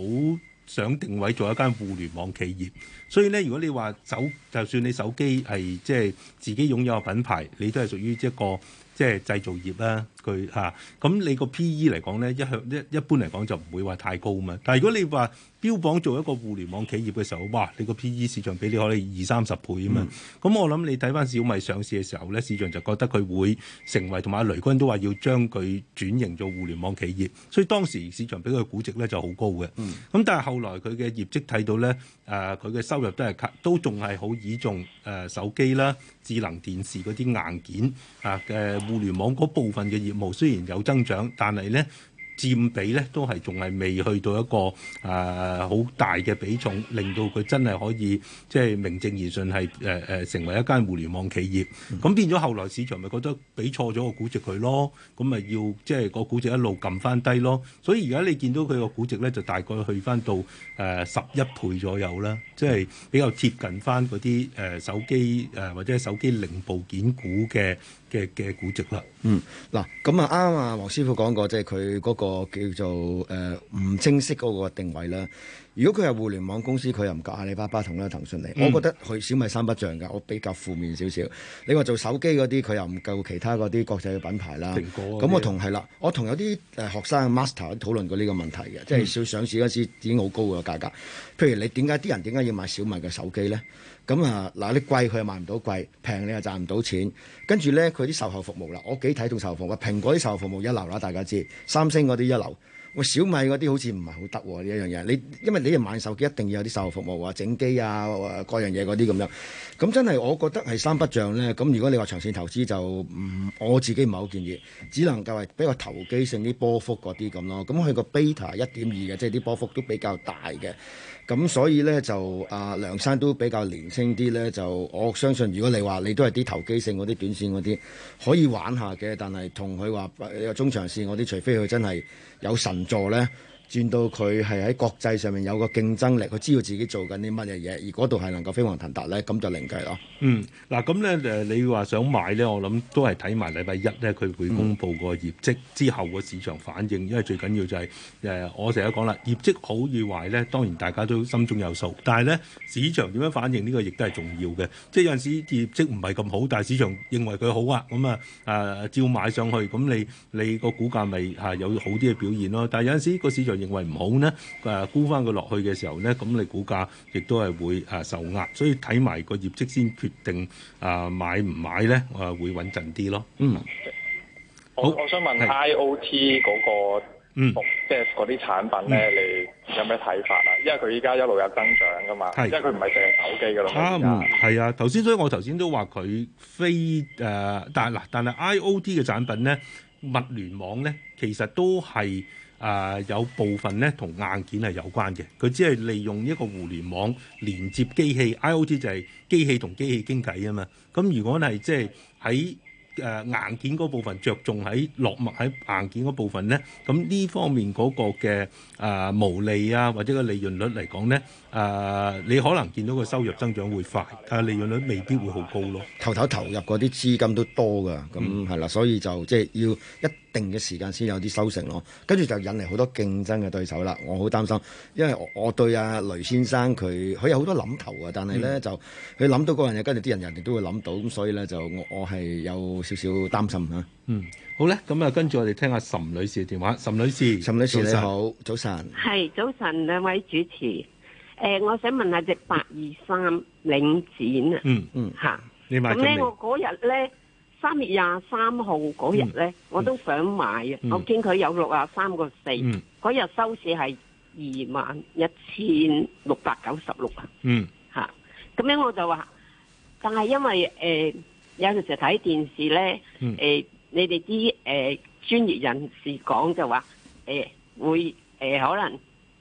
想定位做一間互聯網企業，所以咧如果你話手就算你手機係即係自己擁有嘅品牌，你都係屬於一、這個。即係製造業啦、啊，佢吓，咁你個 PE 嚟講咧，一向一一般嚟講就唔會話太高啊嘛，但係如果你話。標榜做一個互聯網企業嘅時候，哇！你個 P/E 市場俾你可能二三十倍啊嘛。咁、嗯、我諗你睇翻小米上市嘅時候咧，市場就覺得佢會成為同埋雷軍都話要將佢轉型做互聯網企業，所以當時市場俾佢估值咧就好高嘅。咁、嗯、但係後來佢嘅業績睇到咧，誒佢嘅收入都係都仲係好倚重誒、呃、手機啦、智能電視嗰啲硬件啊嘅、呃、互聯網嗰部分嘅業務，雖然有增長，但係咧。佔比咧都係仲係未去到一個誒好、呃、大嘅比重，令到佢真係可以即係、就是、名正言順係成為一間互聯網企業。咁、嗯、變咗後來市場咪覺得俾錯咗個估值佢咯，咁咪要即係、就是、個估值一路撳翻低咯。所以而家你見到佢個估值咧，就大概去翻到誒十一倍左右啦，即、就、係、是、比較貼近翻嗰啲誒手機誒、呃、或者係手機零部件股嘅。嘅嘅估值喇。啦，嗯，嗱，咁啊啱啊，黃師傅講過，即係佢嗰個叫做誒唔、呃、清晰嗰個定位啦。如果佢係互聯網公司，佢又唔夠阿里巴巴同啦騰訊嚟。嗯、我覺得佢小米三不像㗎，我比較負面少少。你話做手機嗰啲，佢又唔夠其他嗰啲國際嘅品牌啦。蘋果。咁我同係啦、嗯，我同有啲誒學生 master 討討論過呢個問題嘅，即係少上市嗰時已經好高嘅價格。嗯、譬如你點解啲人點解要買小米嘅手機咧？咁啊，嗱你貴佢又賣唔到貴，平你又賺唔到錢。跟住呢，佢啲售後服務啦，我幾睇重售後服務。蘋果啲售後服務一流啦，大家知。三星嗰啲一流。喂，小米嗰啲好似唔係好得呢一樣嘢。你因為你哋買手機一定要有啲售後服務啊，整機啊，各樣嘢嗰啲咁樣。咁真係我覺得係三不像呢。咁如果你話長線投資就唔，我自己唔係好建議。只能夠係比較投機性啲波幅嗰啲咁咯。咁佢個 beta 一點二嘅，即係啲波幅都比較大嘅。咁所以呢，就啊梁生都比較年輕啲呢。就我相信如果你話你都係啲投機性嗰啲短線嗰啲，可以玩下嘅，但係同佢話有中長線嗰啲，除非佢真係有神助呢。轉到佢係喺國際上面有個競爭力，佢知道自己做緊啲乜嘢嘢，而嗰度係能夠飛黃騰達咧，咁就另計咯。嗯，嗱咁咧誒，你話想買咧，我諗都係睇埋禮拜一咧，佢會公布個業績、嗯、之後個市場反應，因為最緊要就係、是、誒、呃，我成日講啦，業績好與壞咧，當然大家都心中有數，但係咧市場點樣反應呢？呢個亦都係重要嘅，即係有陣時業績唔係咁好，但係市場認為佢好啊，咁啊誒照買上去，咁你你個股價咪嚇有好啲嘅表現咯。但係有陣時個市場，認為唔好呢，誒沽翻佢落去嘅時候呢，咁你股價亦都係會誒受壓，所以睇埋個業績先決定誒買唔買咧？我會穩陣啲咯。嗯，Okay. 好我，我想問是 IOT 嗰個，嗯，即係嗰啲產品咧，你有咩睇法啊？因為佢依家一路有增長噶嘛，因為佢唔係淨係手機嘅咯。啊，係啊，頭先所以我頭先都話佢非誒、呃，但係嗱，但係 IOT 嘅產品咧，物聯網咧，其實都係。啊、呃，有部分咧同硬件係有關嘅，佢只係利用一個互聯網連接機器，IOT 就係機器同機器傾偈啊嘛。咁如果係即係喺誒硬件嗰部分，着重喺落墨喺硬件嗰部分咧，咁呢方面嗰個嘅啊、呃、毛利啊或者個利潤率嚟講咧。誒，uh, 你可能見到個收入增長會快，但係利潤率未必會好高咯。頭頭投入嗰啲資金都多噶，咁係啦，所以就即係、就是、要一定嘅時間先有啲收成咯。跟住就引嚟好多競爭嘅對手啦。我好擔心，因為我，我對阿雷先生佢，佢有好多諗頭啊，但係咧、嗯、就佢諗到個人，跟住啲人，人哋都會諗到，咁所以咧就我我係有少少擔心嚇。嗯，好呢，咁啊，跟住我哋聽下岑女士嘅電話。岑女士，岑女士，你好，早晨，係早晨兩位主持。誒，我想問下隻八二三領展啊，嗯嗯嚇，咁咧我嗰日咧三月廿三號嗰日咧，我都想買啊，我見佢有六啊三個四，嗰日收市係二萬一千六百九十六啊，嗯嚇，咁樣我就話，但係因為誒有陣時睇電視咧，誒你哋啲誒專業人士講就話誒會誒可能。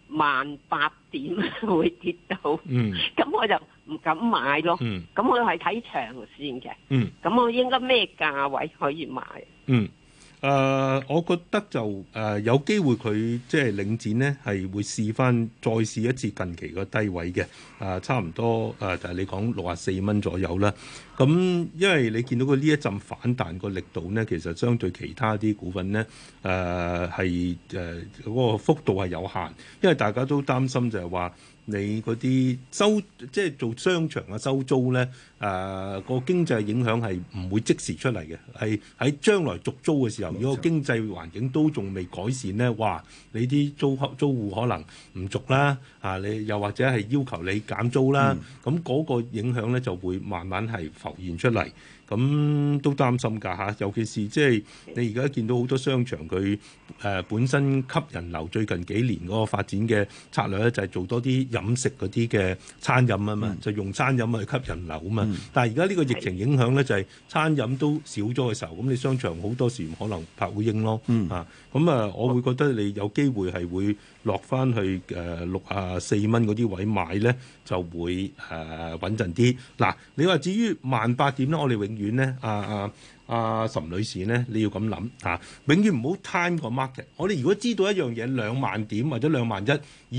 萬八點會跌到，嗯，咁我就唔敢買咯。嗯，咁我係睇長線嘅，咁、嗯、我應該咩價位可以買？嗯誒、呃，我覺得就誒、呃、有機會佢即係領展呢係會試翻再試一次近期個低位嘅，誒、呃、差唔多誒就係你講六啊四蚊左右啦。咁、嗯、因為你見到佢呢一陣反彈個力度呢，其實相對其他啲股份呢，誒係誒嗰個幅度係有限，因為大家都擔心就係話，你嗰啲收即係做商場嘅收租呢，誒個經濟影響係唔會即時出嚟嘅，係喺將來續租嘅時候，如果經濟環境都仲未改善呢，哇！你啲租客租戶可能唔續啦，啊！你又或者係要求你減租啦，咁嗰個影響呢，就會慢慢係浮現出嚟。咁都擔心㗎吓，尤其是即係你而家見到好多商場佢、呃、本身吸人流最近幾年嗰個發展嘅策略咧，就係、是、做多啲飲食嗰啲嘅餐飲啊嘛，嗯、就用餐飲去吸人流啊嘛。嗯、但係而家呢個疫情影響咧，就係、是、餐飲都少咗嘅時候，咁你商場好多時唔可能拍烏蠅咯。嗯、啊，咁啊，我會覺得你有機會係會。落翻去誒六啊四蚊嗰啲位買咧，就會誒、呃、穩陣啲。嗱，你話至於萬八點咧，我哋永遠咧，阿阿阿岑女士咧，你要咁諗嚇，永遠唔好 time 個 market。我哋如果知道一樣嘢，兩萬點或者兩萬一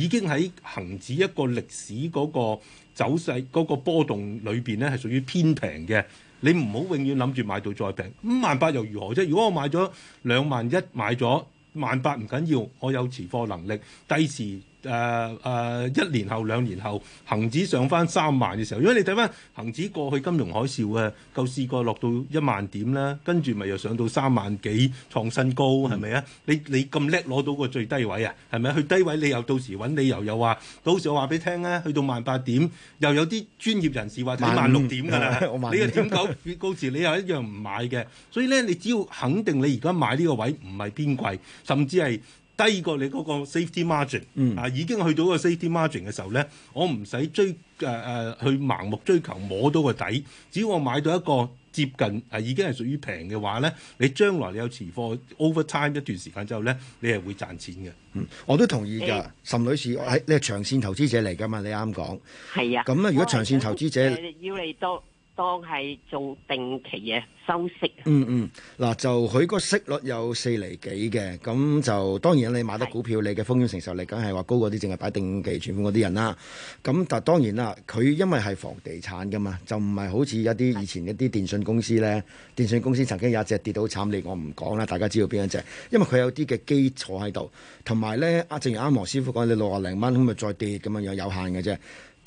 已經喺恆指一個歷史嗰個走勢嗰個波動裏邊咧，係屬於偏平嘅，你唔好永遠諗住買到再平。五萬八又如何啫？如果我買咗兩萬一買咗。萬八唔緊要，我有持貨能力。第時。誒誒、呃呃，一年後兩年後，恒指上翻三萬嘅時候，如果你睇翻恒指過去金融海嘯啊，夠試過落到一萬點啦，跟住咪又上到三萬幾創新高，係咪啊？你你咁叻攞到個最低位啊，係咪？去低位你又到時揾理由又有話，到時我話俾你聽啊，去到萬八點，又有啲專業人士話睇萬六點㗎啦，啊、你嘅點九高時你又一樣唔買嘅，所以咧，你只要肯定你而家買呢個位唔係偏貴，甚至係。低過你嗰個 safety margin，、嗯、啊已經去到個 safety margin 嘅時候咧，我唔使追、呃、去盲目追求摸到個底，只要我買到一個接近啊已經係屬於平嘅話咧，你將來你有持貨 over time 一段時間之後咧，你係會賺錢嘅。嗯，我都同意㗎。欸、岑女士，你係長線投資者嚟㗎嘛？你啱講。係啊。咁啊，如果長線投資者要嚟到。當係做定期嘅收息。嗯嗯，嗱、嗯、就佢個息率有四厘幾嘅，咁就當然你買得股票，的你嘅風險承受力梗係話高嗰啲，淨係擺定期存款嗰啲人啦。咁但當然啦，佢因為係房地產㗎嘛，就唔係好似一啲以前一啲電信公司呢。的電信公司曾經有一隻跌到慘烈，我唔講啦，大家知道邊一隻。因為佢有啲嘅基礎喺度，同埋呢，啊，正如啱黃師傅講，你六啊零蚊咁咪再跌咁樣樣有限嘅啫。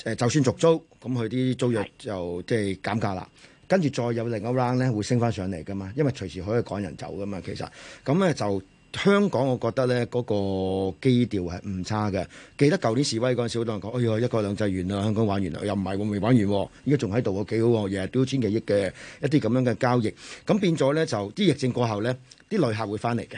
誒，就算續租咁，佢啲租約就即係減價啦。跟住是再有另一 round 咧，會升翻上嚟噶嘛。因為隨時可以趕人走噶嘛。其實咁咧就香港，我覺得咧嗰個基調係唔差嘅。記得舊年示威嗰陣時，好多人講：哎呀，一國兩制完啦，香港玩完啦。又唔係，我未玩完。依家仲喺度喎，幾好喎，日日都要千幾億嘅一啲咁樣嘅交易。咁變咗咧，就啲疫症過後咧，啲旅客會翻嚟嘅。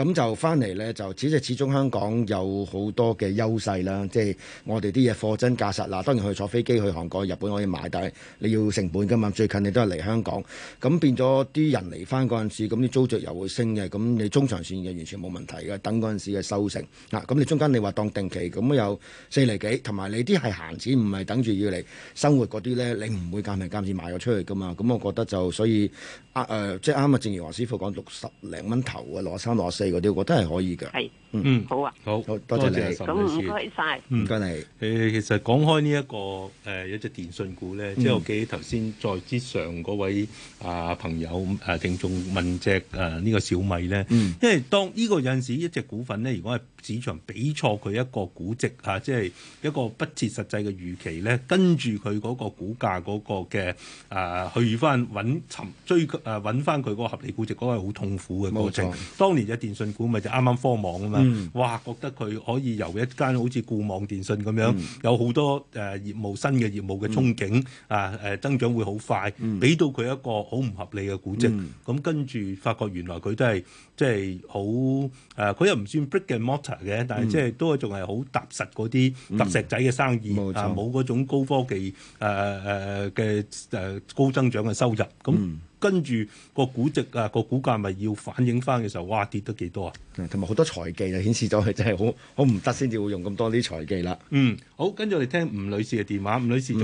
咁就翻嚟呢，就只係始終香港有好多嘅優勢啦，即係我哋啲嘢貨真價實啦。當然佢坐飛機去韓國、日本可以買，但係你要成本噶嘛，最近你都係嚟香港，咁變咗啲人嚟翻嗰陣時，咁啲租着又會升嘅，咁你中長線嘅完全冇問題嘅，等嗰陣時嘅收成嗱，咁你中間你話當定期，咁有四厘幾，同埋你啲係閒錢，唔係等住要嚟生活嗰啲呢，你唔會夾平夾錢賣咗出去噶嘛。咁我覺得就所以啱誒，即係啱啊、呃！正如黃師傅講，六十零蚊頭啊，攞三攞四。嗰啲我覺得係可以嘅。嗯，好啊，好，多謝你，咁唔該晒，唔該、嗯、你。誒，其實講開呢、這個呃、一個誒，有隻電信股咧，嗯、即係我記頭先在之上嗰位啊、呃、朋友誒、呃、聽眾問隻誒呢個小米咧，嗯、因為當呢個有陣時一隻股份咧，如果係市場畀錯佢一個估值吓、啊，即係一個不切實際嘅預期咧，跟住佢嗰個股價嗰個嘅、呃、啊去翻搵尋追誒搵翻佢嗰個合理估值，嗰、那個係好痛苦嘅過程。冇錯。當年隻電信股咪就啱啱科網啊嘛。哇！覺得佢可以由一間好似固網電信咁樣，有好多誒業務新嘅業務嘅憧憬啊！誒增長會好快，俾到佢一個好唔合理嘅估值。咁跟住發覺原來佢都係即係好誒，佢又唔算 brick and mortar 嘅，但係即係都係仲係好踏實嗰啲踏實仔嘅生意啊，冇嗰種高科技誒誒嘅誒高增長嘅收入咁。跟住個估值啊，個估價咪要反映翻嘅時候，哇，跌得幾多啊？同埋好多財技啊，顯示咗佢真係好好唔得先至會用咁多啲財技啦。嗯，好，跟住我哋聽吳女士嘅電話。吳女士，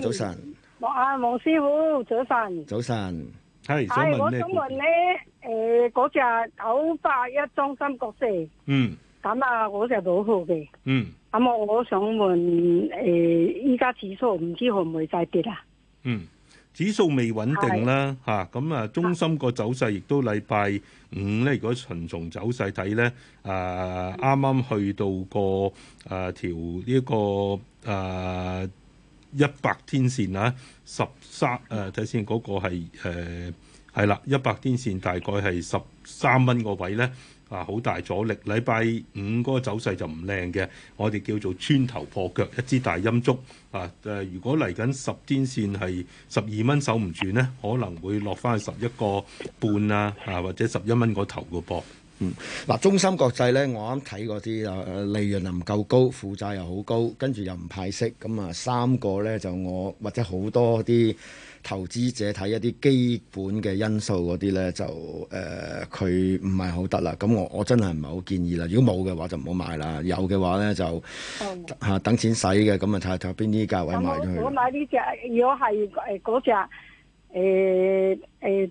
早晨。黃啊，黃師傅，早晨。早晨安，係想問我想問咧，誒嗰隻九八一中芯國際，嗯，咁啊嗰隻好好嘅，嗯，咁我我想問，誒依家指數唔知會唔會再跌啊？嗯。指數未穩定啦，嚇咁的啊，中心個走勢亦都禮拜五咧。如果循從走勢睇咧，啊啱啱去到啊、個啊條呢個啊一百天線啊，十三誒睇先嗰個係誒係啦，一百天線大概係十三蚊個位咧，啊，好大阻力！禮拜五嗰個走勢就唔靚嘅，我哋叫做穿頭破腳，一支大陰燭啊！誒、啊，如果嚟緊十天線係十二蚊守唔住呢，可能會落翻去十一個半啊，嚇、啊、或者十一蚊個頭個噃。嗯，嗱，中心國際呢，我啱睇嗰啲啊，利潤又唔夠高，負債又好高，跟住又唔派息，咁啊三個呢，就我或者好多啲。投資者睇一啲基本嘅因素嗰啲咧，就誒佢唔係好得啦。咁、呃、我我真係唔係好建議啦。如果冇嘅話就唔好買啦。有嘅話咧就嚇、嗯、等錢使嘅。咁啊睇下睇邊啲價位買咗佢、嗯。我如果買呢隻，如果係誒嗰隻誒誒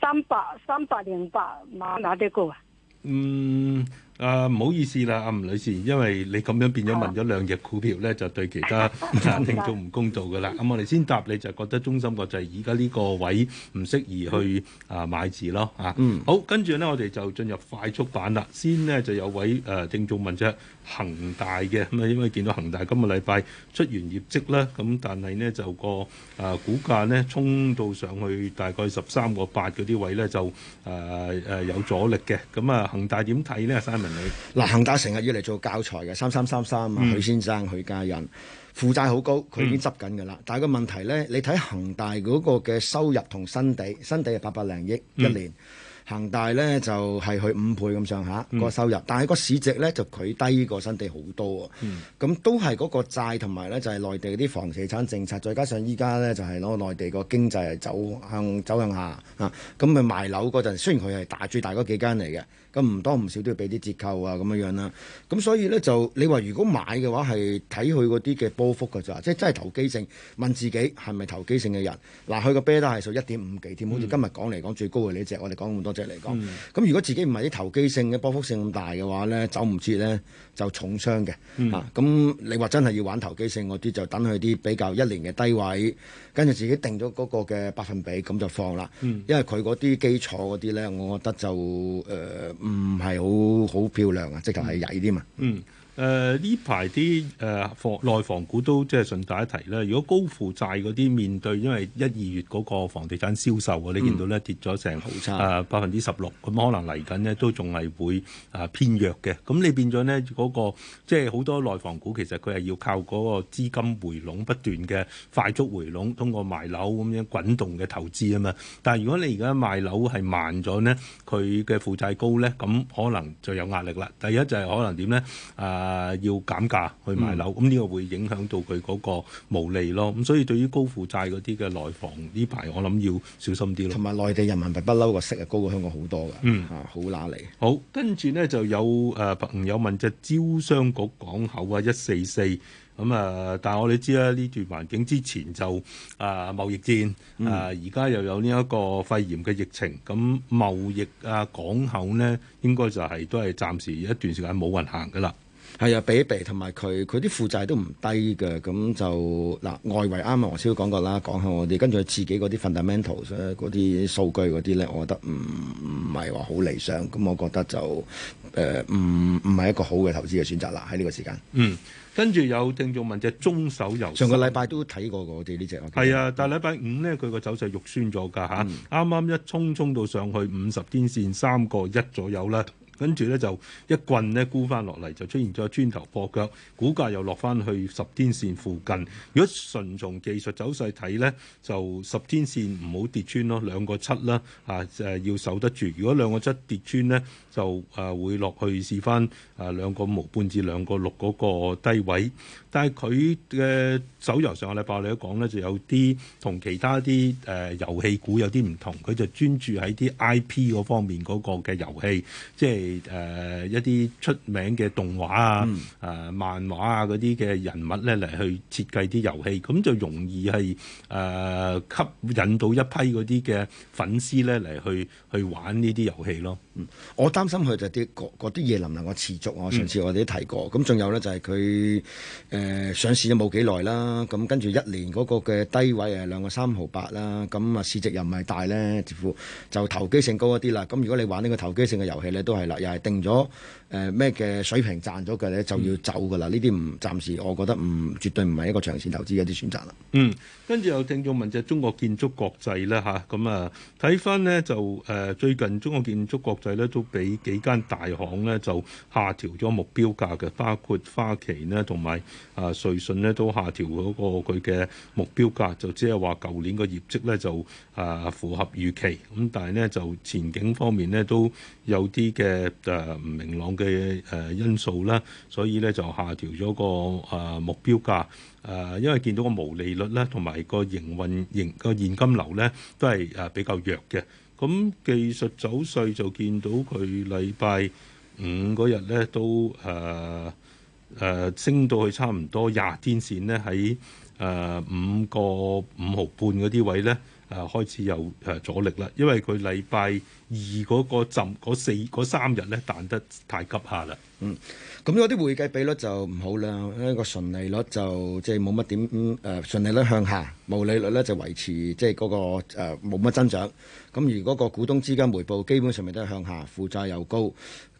三百三百零八，買買啲高啊？呃、300, 300, 300, 800, 嗯。啊，唔、呃、好意思啦，阿吳女士，因為你咁樣變咗問咗兩隻股票咧。Oh. 就對其他聽眾唔公道噶啦。咁 我哋先答你，就覺得中心國際而家呢個位唔適宜去啊買字咯，嗯。Mm. 好，跟住咧，我哋就進入快速版啦。先呢，就有位誒、呃、聽眾問出。恒大嘅咁啊，因為見到恒大今個禮拜出完業績啦，咁但係呢就個啊、呃、股價呢，衝到上去大概十三個八嗰啲位呢，就誒誒、呃呃、有阻力嘅。咁啊，恒大點睇呢？Simon 你？嗱，恒大成日要嚟做教材嘅，三三三三啊，許先生、許家人負債好高，佢已經執緊㗎啦。嗯、但係個問題呢，你睇恒大嗰個嘅收入同新地，新地係八百零億一年。嗯恒大咧就係佢五倍咁上下、嗰個收入，但係個市值咧就佢低過新地好多啊。咁都係嗰個債同埋咧就係、係、內地嗰啲房地產政策，再加上依家咧就係、係、攞內地個經濟係走向走向下啊。咁、嗯、咪賣樓嗰陣，雖然佢係大最大嗰幾間嚟嘅，咁唔多唔少都要俾啲折扣啊咁樣樣啦。咁、啊啊、所以咧就你話如果買嘅話係睇佢嗰啲嘅波幅噶咋，即係真係投機性。問自己係咪投機性嘅人？嗱、啊，佢個 beta 係數一點五幾添，好似今日講嚟講最高嘅呢隻，嗯、我哋講咁多。嚟講，咁、嗯、如果自己唔係啲投機性嘅波幅性咁大嘅話咧，走唔切咧就重傷嘅嚇。咁、嗯啊、你話真係要玩投機性嗰啲，就等佢啲比較一年嘅低位，跟住自己定咗嗰個嘅百分比，咁就放啦。嗯、因為佢嗰啲基礎嗰啲咧，我覺得就誒唔係好好漂亮啊，即係係曳啲嘛。嗯嗯誒呢排啲誒房內房股，都即係順帶一提啦。如果高負債嗰啲面對，因為一二月嗰個房地產銷售，嗯、你見到呢跌咗成誒百分之十六，咁差、呃嗯、可能嚟緊呢都仲係會、啊、偏弱嘅。咁你變咗呢嗰、嗰個即係好多內房股其實佢係要靠嗰個資金回籠不斷嘅快速回籠，通過賣樓咁樣滾動嘅投資啊嘛。但如果你而家賣樓係慢咗呢，佢嘅負債高呢，咁可能就有壓力啦。第一就係可能點呢？啊、呃啊！要減價去買樓，咁呢個會影響到佢嗰個毛利咯。咁所以對於高負債嗰啲嘅內房呢排，我諗要小心啲咯。同埋，內地人民幣不嬲個息啊，高過香港好多嘅，好拉嚟。好，跟住呢就有誒、呃、朋友問隻招商局港口啊，一四四咁啊。但係我哋知啦，呢段環境之前就啊、呃、貿易戰啊，而、呃、家、嗯、又有呢一個肺炎嘅疫情，咁貿易啊港口呢應該就係、是、都係暫時一段時間冇人行噶啦。係啊，比一比同埋佢佢啲負債都唔低嘅，咁就嗱、呃、外圍啱啱黃師都講過啦，講下我哋跟住自己嗰啲 fundamental 咧，嗰啲數據嗰啲咧，我覺得唔唔係話好理想，咁、嗯、我覺得就唔唔係一個好嘅投資嘅選擇啦，喺呢個時間。嗯，跟住有聽眾問隻中手游，上個禮拜都睇過我哋呢隻。係啊，但係禮拜五呢，佢個走勢肉酸咗㗎嚇，啱啱、嗯、一衝衝到上去五十天線三個一左右啦。跟住咧就一棍咧沽翻落嚟，就出現咗磚頭破腳，股價又落翻去十天線附近。如果純從技術走勢睇咧，就十天線唔好跌穿咯，兩個七啦，啊要守得住。如果兩個七跌穿咧，就誒會落去試翻誒兩個五半至兩個六個低位，但係佢嘅手遊上個禮拜我哋都講咧，就有啲同其他啲誒遊戲股有啲唔同，佢就專注喺啲 IP 嗰方面個嘅遊戲，即係誒一啲出名嘅動畫啊、誒漫畫啊啲嘅人物咧嚟去設計啲遊戲，咁就容易係誒吸引到一批嗰啲嘅粉絲咧嚟去去玩呢啲遊戲咯。嗯，我擔心佢就啲啲嘢能唔能夠持續，我上次我哋都提過，咁仲、嗯、有呢，就係佢誒上市都冇幾耐啦，咁跟住一年嗰個嘅低位誒兩個三毫八啦，咁啊市值又唔係大呢，似乎就投機性高一啲啦。咁如果你玩呢個投機性嘅遊戲呢，都係啦，又係定咗誒咩嘅水平賺咗嘅呢，就要走噶啦。呢啲唔暫時，我覺得唔絕對唔係一個長線投資嘅一啲選擇啦。嗯，跟住又聽眾問就中國建築國際啦吓，咁啊睇翻、啊、呢，就誒、呃、最近中國建築國際呢，都比。幾間大行咧就下調咗目標價嘅，包括花旗呢，同埋啊瑞信呢，都下調嗰個佢嘅目標價，就即係話舊年個業績咧就啊符合預期，咁但係咧就前景方面咧都有啲嘅誒唔明朗嘅誒因素啦，所以咧就下調咗個啊目標價，誒因為見到個毛利率咧同埋個營運營個現金流咧都係啊比較弱嘅。咁技術走勢就見到佢禮拜五嗰日咧，都誒誒升到去差唔多廿天線咧，喺誒五個五毫半嗰啲位咧。啊，開始有誒阻力啦，因為佢禮拜二嗰個陣嗰四嗰三日咧，彈得太急下啦。嗯，咁有啲會計比率就唔好啦，因個純利率就即係冇乜點誒純、嗯呃、利率向下，毛利率咧就維持即係嗰個冇乜、呃、增長。咁如果個股東資金回報基本上面都係向下，負債又高，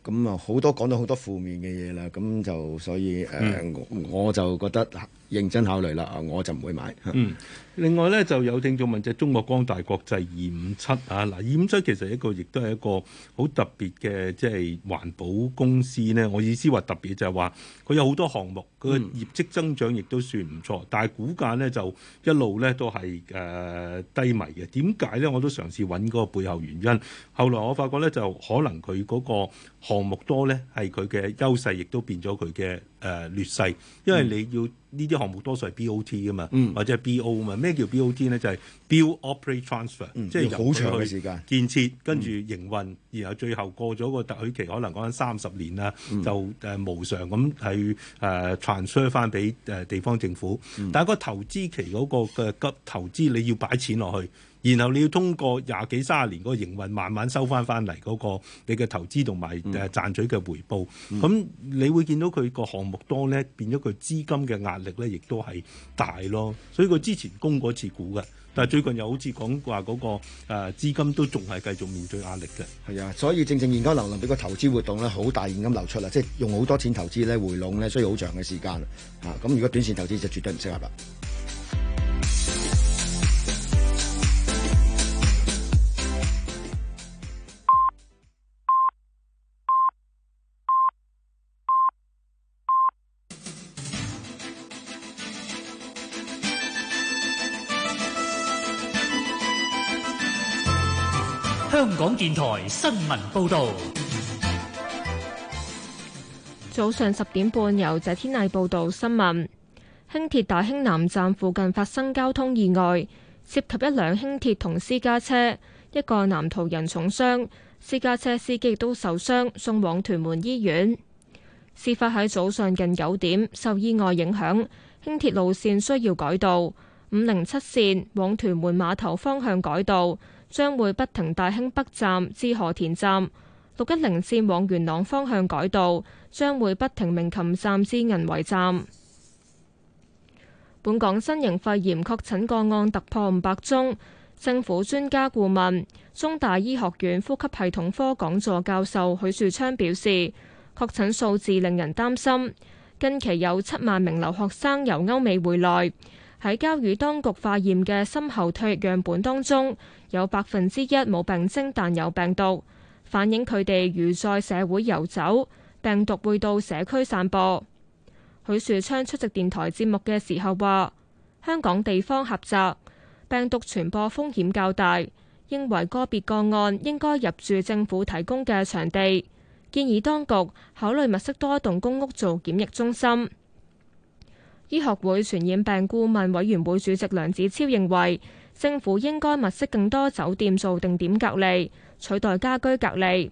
咁啊好多講到好多負面嘅嘢啦。咁就所以誒，呃嗯、我我就覺得。認真考慮啦，啊，我就唔會買。嗯，另外呢，就有聽眾問就中國光大國際二五七啊，嗱，二五七其實一個亦都係一個好特別嘅即係環保公司呢。我意思話特別就係話佢有好多項目，佢嘅業績增長亦都算唔錯，嗯、但係股價呢就一路呢都係誒、呃、低迷嘅。點解呢？我都嘗試揾嗰個背後原因。後來我發覺呢，就可能佢嗰個項目多呢，係佢嘅優勢，亦都變咗佢嘅誒劣勢，因為你要呢啲、嗯、項目多數係 BOT 噶嘛，嗯、或者係 BO 啊嘛。咩叫 BOT 咧？就係、是、build Oper、嗯、operate、transfer，即係由好長嘅時間建設，跟住營運，然後最後過咗個特許期，可能講緊三十年啦，嗯、就誒無償咁 transfer 翻俾誒地方政府。但係個投資期嗰、那個嘅急、那個、投資，你要擺錢落去，然後你要通過廿幾三十年個營運，慢慢收翻翻嚟嗰個你嘅投資同埋誒賺取嘅回報。咁、嗯嗯、你會見到佢個項目多咧，變咗佢資金嘅壓力咧，亦都係大咯。所以佢之前供過次股嘅，但係最近又好似講話嗰個誒資金都仲係繼續面對壓力嘅。係啊，所以正正現金流量俾個投資活動咧，好大現金流出啦，即係用好多錢投資咧回籠咧，需要好長嘅時間啊。咁如果短線投資就絕對唔適合啦。香港電台新聞報道：早上十點半，由謝天麗報道新聞。輕鐵大興南站附近發生交通意外，涉及一輛輕鐵同私家車，一個男途人重傷，私家車司機都受傷，送往屯門醫院。事發喺早上近九點，受意外影響，輕鐵路線需要改道，五零七線往屯門碼頭方向改道。將會不停大興北站至河田站，六一零線往元朗方向改道，將會不停鳴琴站至銀圍站。本港新型肺炎確診個案突破五百宗，政府專家顧問、中大醫學院呼吸系統科講座教授許樹昌表示，確診數字令人擔心，近期有七萬名留學生由歐美回來。喺交予當局化驗嘅深喉唾液樣本當中有百分之一冇病徵但有病毒，反映佢哋如在社會遊走，病毒會到社區散播。許樹昌出席電台節目嘅時候話：香港地方狹窄，病毒傳播風險較大，認為個別個案應該入住政府提供嘅場地，建議當局考慮物色多棟公屋做檢疫中心。醫學會傳染病顧問委員會主席梁子超認為，政府應該物色更多酒店做定點隔離，取代家居隔離。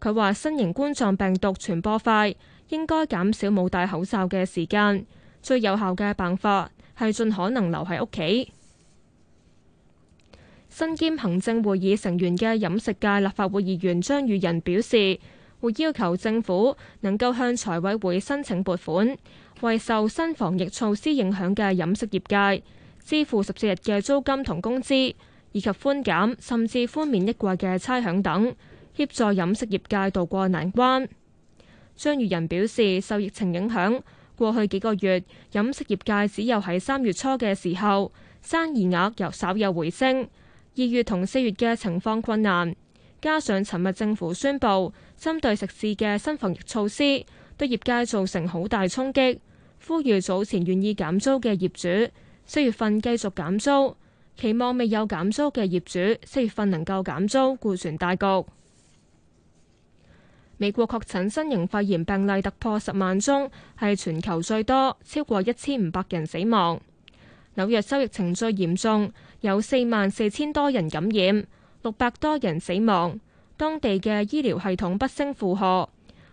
佢話：新型冠狀病毒傳播快，應該減少冇戴口罩嘅時間。最有效嘅辦法係盡可能留喺屋企。身兼行政會議成員嘅飲食界立法會議員張宇人表示，會要求政府能夠向財委會申請撥款。為受新防疫措施影響嘅飲食業界支付十四日嘅租金同工資，以及寬減甚至寬免一季嘅差餉等，協助飲食業界渡過難關。張宇人表示，受疫情影響，過去幾個月飲食業界只有喺三月初嘅時候生意額有稍有回升，二月同四月嘅情況困難，加上尋日政府宣布針對食肆嘅新防疫措施，對業界造成好大衝擊。呼籲早前願意減租嘅業主，四月份繼續減租；期望未有減租嘅業主，四月份能夠減租，顧全大局。美國確診新型肺炎病例突破十萬宗，係全球最多，超過一千五百人死亡。紐約州疫情最嚴重，有四萬四千多人感染，六百多人死亡，當地嘅醫療系統不勝負荷。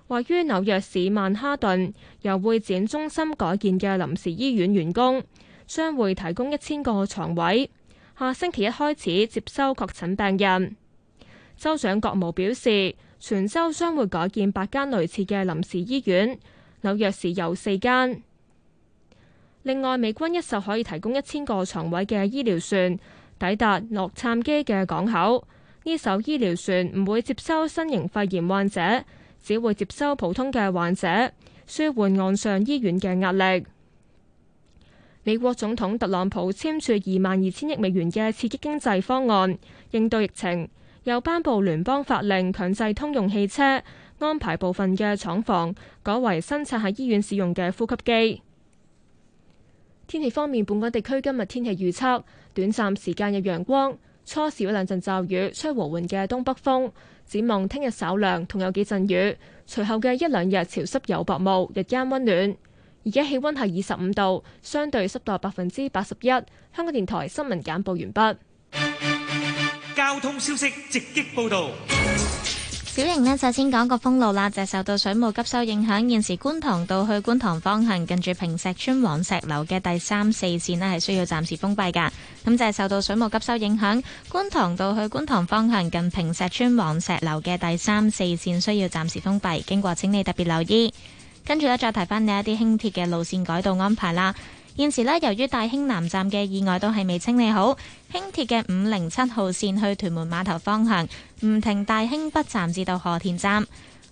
位於紐約市曼哈頓由會展中心改建嘅臨時醫院完工，將會提供一千個床位，下星期一開始接收確診病人。州長葛姆表示，全州將會改建八間類似嘅臨時醫院，紐約市有四間。另外，美軍一艘可以提供一千個床位嘅醫療船抵達洛杉磯嘅港口，呢艘醫療船唔會接收新型肺炎患者。只會接收普通嘅患者，舒緩岸上醫院嘅壓力。美國總統特朗普簽署二萬二千億美元嘅刺激經濟方案，應對疫情，又頒布聯邦法令，強制通用汽車安排部分嘅廠房改為生產喺醫院使用嘅呼吸機。天氣方面，本港地區今日天氣預測：短暫時間有陽光，初時兩陣驟雨，吹和緩嘅東北風。展望聽日稍涼，同有幾陣雨。隨後嘅一兩日潮濕有薄霧，日間溫暖。而家氣温係二十五度，相對濕度百分之八十一。香港電台新聞簡報完畢。交通消息直擊報導。小瑩呢，首先講個封路啦，就係、是、受到水務急修影響，現時觀塘道去觀塘方向近住平石村往石樓嘅第三四綫呢係需要暫時封閉噶。咁就係受到水務急修影響，觀塘道去觀塘方向近平石村往石樓嘅第三四綫需要暫時封閉，經過請你特別留意。跟住咧，再提翻你一啲輕鐵嘅路綫改道安排啦。現時由於大興南站嘅意外都係未清理好，輕鐵嘅五零七號線去屯門碼頭方向唔停大興北站至到河田站；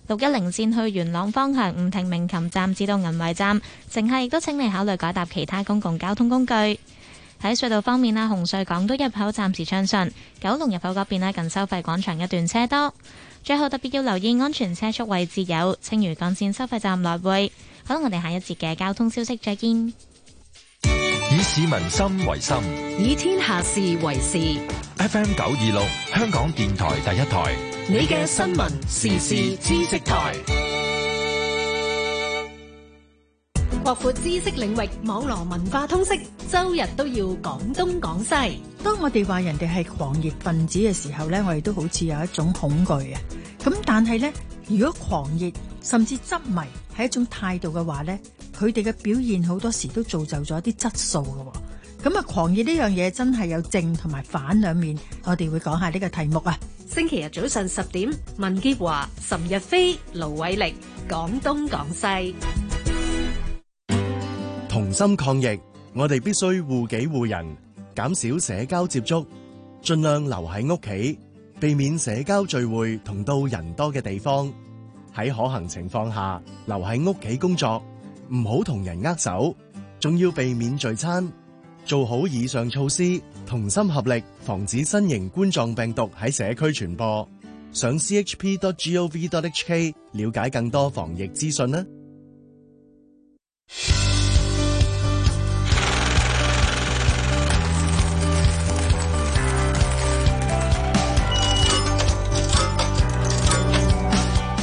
六一零線去元朗方向唔停鳴琴站至到銀圍站。乘客亦都請你考慮改搭其他公共交通工具。喺隧道方面啊，紅隧港島入口暫時暢順，九龍入口嗰邊咧，近收費廣場一段車多。最後特別要留意安全車速位置，有青嶼幹線收費站來回。好啦，我哋下一節嘅交通消息再見。以市民心為心，以天下事為事。FM 九二六，香港電台第一台，你嘅新聞時事知識台，擴闊知識領域，網羅文化通識，周日都要講東講西。當我哋話人哋係狂熱分子嘅時候咧，我哋都好似有一種恐懼啊。咁但係咧，如果狂熱甚至執迷係一種態度嘅話咧，佢哋嘅表現好多時都造就咗一啲質素嘅，咁啊，狂熱呢樣嘢真係有正同埋反兩面。我哋會講下呢個題目啊。星期日早上十點，文潔華、岑日飛、盧偉力講東講西，同心抗疫。我哋必須護己護人，減少社交接觸，盡量留喺屋企，避免社交聚會同到人多嘅地方。喺可行情況下，留喺屋企工作。唔好同人握手，仲要避免聚餐，做好以上措施，同心合力防止新型冠狀病毒喺社區傳播。上 chp.gov.hk 了解更多防疫資訊啦。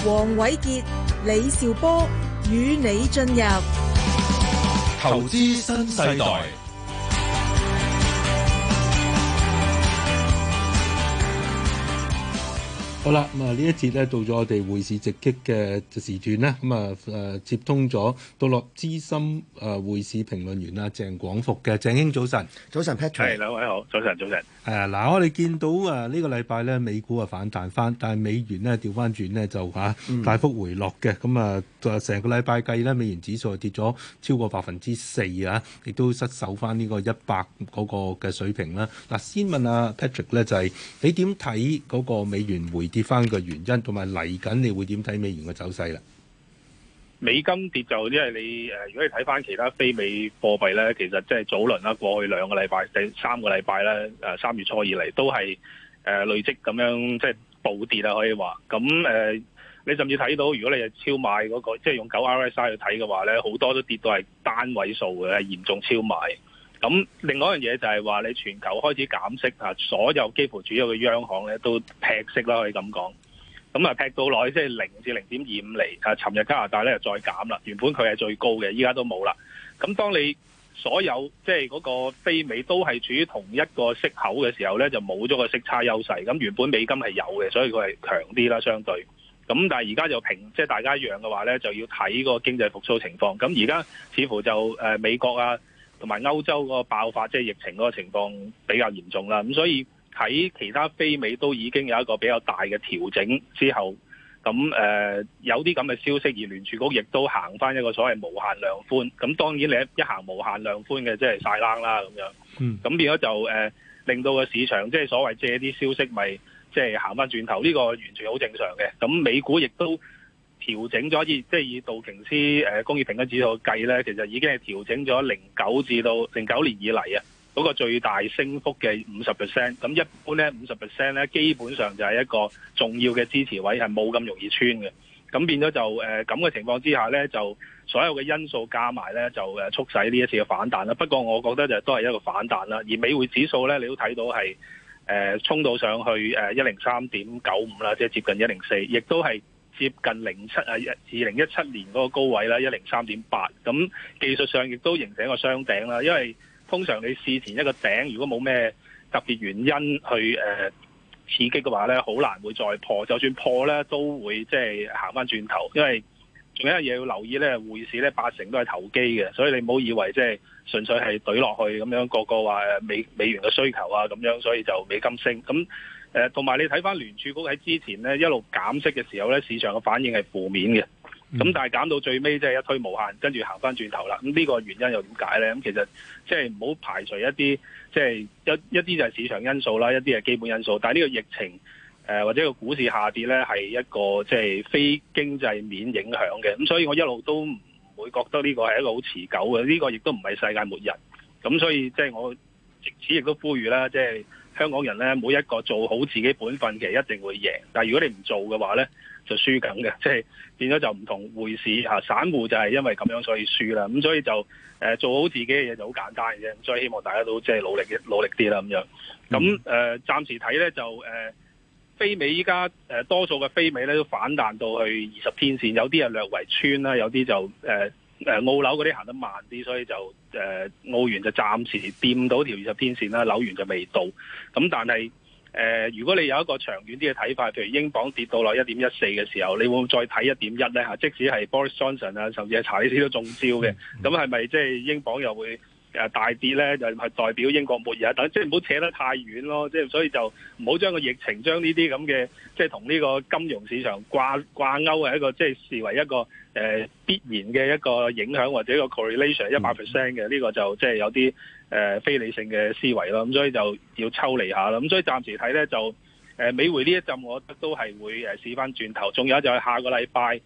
黃瑋傑、李兆波。與你進入投資新世代。世代好啦，咁啊呢一節咧到咗我哋匯市直擊嘅時段咁啊誒接通咗到落資深誒匯市評論員啊鄭廣福嘅，鄭兄早晨，早晨 Patrick 兩位好，早晨早晨嗱、啊，我哋見到啊呢個禮拜咧美股啊反彈翻，但係美元咧調翻轉咧就吓大幅回落嘅，咁啊、嗯。嗯就成個禮拜計咧，美元指數跌咗超過百分之四啊，亦都失守翻呢個一百嗰個嘅水平啦。嗱，先問啊 Patrick 咧，就係、是、你點睇嗰個美元回跌翻嘅原因，同埋嚟緊你會點睇美元嘅走勢啦？美金跌就是、因為你誒、呃，如果你睇翻其他非美貨幣咧，其實即係早輪啦，過去兩個禮拜、定三個禮拜咧，誒、呃、三月初以嚟都係誒、呃、累積咁樣即係、就是、暴跌啊，可以話咁誒。你甚至睇到，如果你係超賣嗰、那個，即係用九 RSI 去睇嘅話咧，好多都跌到係單位數嘅，嚴重超賣。咁另外一樣嘢就係話，你全球開始減息啊，所有幾乎主要嘅央行咧都劈息啦，可以咁講。咁啊劈到落去即係零至零點二五厘，啊，尋日加拿大咧就再減啦，原本佢係最高嘅，依家都冇啦。咁當你所有即係嗰個非美都係處於同一個息口嘅時候咧，就冇咗個息差優勢。咁原本美金係有嘅，所以佢係強啲啦，相對。咁但係而家就平，即、就、係、是、大家一樣嘅話咧，就要睇個經濟復甦情況。咁而家似乎就誒、呃、美國啊，同埋歐洲個爆發即係、就是、疫情嗰個情況比較嚴重啦。咁所以喺其他非美都已經有一個比較大嘅調整之後，咁誒、呃、有啲咁嘅消息。而聯儲局亦都行翻一個所謂無限量寬。咁當然你一行無限量寬嘅，即係晒冷啦咁樣。咁變咗就、呃、令到個市場即係、就是、所謂借啲消息咪。即係行翻轉頭呢個完全好正常嘅，咁美股亦都調整咗，以即係以道瓊斯誒工業平均指數計呢，其實已經係調整咗零九至到零九年以嚟啊，嗰個最大升幅嘅五十 percent。咁一般呢，五十 percent 咧，基本上就係一個重要嘅支持位，係冇咁容易穿嘅。咁變咗就誒咁嘅情況之下呢，就所有嘅因素加埋呢，就誒促使呢一次嘅反彈啦。不過我覺得就都係一個反彈啦。而美匯指數呢，你都睇到係。誒、呃、衝到上去誒一零三點九五啦，呃、95，即係接近一零四，亦都係接近零七啊，二零一七年嗰個高位啦，一零三點八。咁技術上亦都形成一個雙頂啦，因為通常你事前一個頂，如果冇咩特別原因去誒、呃、刺激嘅話呢，好難會再破。就算破呢，都會即係行翻轉頭，因為。仲有一嘢要留意咧，匯市咧八成都係投機嘅，所以你唔好以為即係純粹係懟落去咁樣，個個話美美元嘅需求啊咁樣，所以就美金升咁誒。同埋、呃、你睇翻聯儲局喺之前咧一路減息嘅時候咧，市場嘅反應係負面嘅，咁但係減到最尾即係一推無限，跟住行翻轉頭啦。咁呢個原因又點解咧？咁其實即係唔好排除一啲即係一一啲就係市場因素啦，一啲係基本因素，但係呢個疫情。誒，或者個股市下跌咧，係一個即係非經濟面影響嘅，咁所以我一路都唔會覺得呢個係一個好持久嘅，呢個亦都唔係世界末日，咁所以即係我直至亦都呼籲啦，即係香港人咧，每一個做好自己本分，其實一定會贏。但係如果你唔做嘅話咧，就輸緊嘅，即係變咗就唔同匯市吓、啊、散戶就係因為咁樣所以輸啦。咁所以就誒做好自己嘅嘢就好簡單嘅啫，所以希望大家都即係努力努力啲啦，咁樣。咁誒，暫時睇咧就誒、呃。非美依家誒多數嘅非美咧都反彈到去二十天線，有啲又略為穿啦，有啲就誒誒、呃、澳紐嗰啲行得慢啲，所以就誒、呃、澳元就暫時掂到條二十天線啦，紐元就未到。咁但係誒、呃，如果你有一個長遠啲嘅睇法，譬如英鎊跌到落一點一四嘅時候，你會唔會再睇一點一咧嚇？即使係 Boris Johnson 啊，甚至係查理斯都中招嘅，咁係咪即係英鎊又會？誒大跌咧，就係代表英國末日，啊！等，即係唔好扯得太遠咯，即係所以就唔好將個疫情將呢啲咁嘅，即係同呢個金融市場掛掛鈎嘅一個，即係視為一個誒必然嘅一個影響或者一個 correlation 一百 percent 嘅呢個就即係有啲誒非理性嘅思維咯，咁所以就要抽離一下啦。咁所以暫時睇咧就誒美匯呢一陣，我覺得都係會誒試翻轉頭，仲有就係下個禮拜。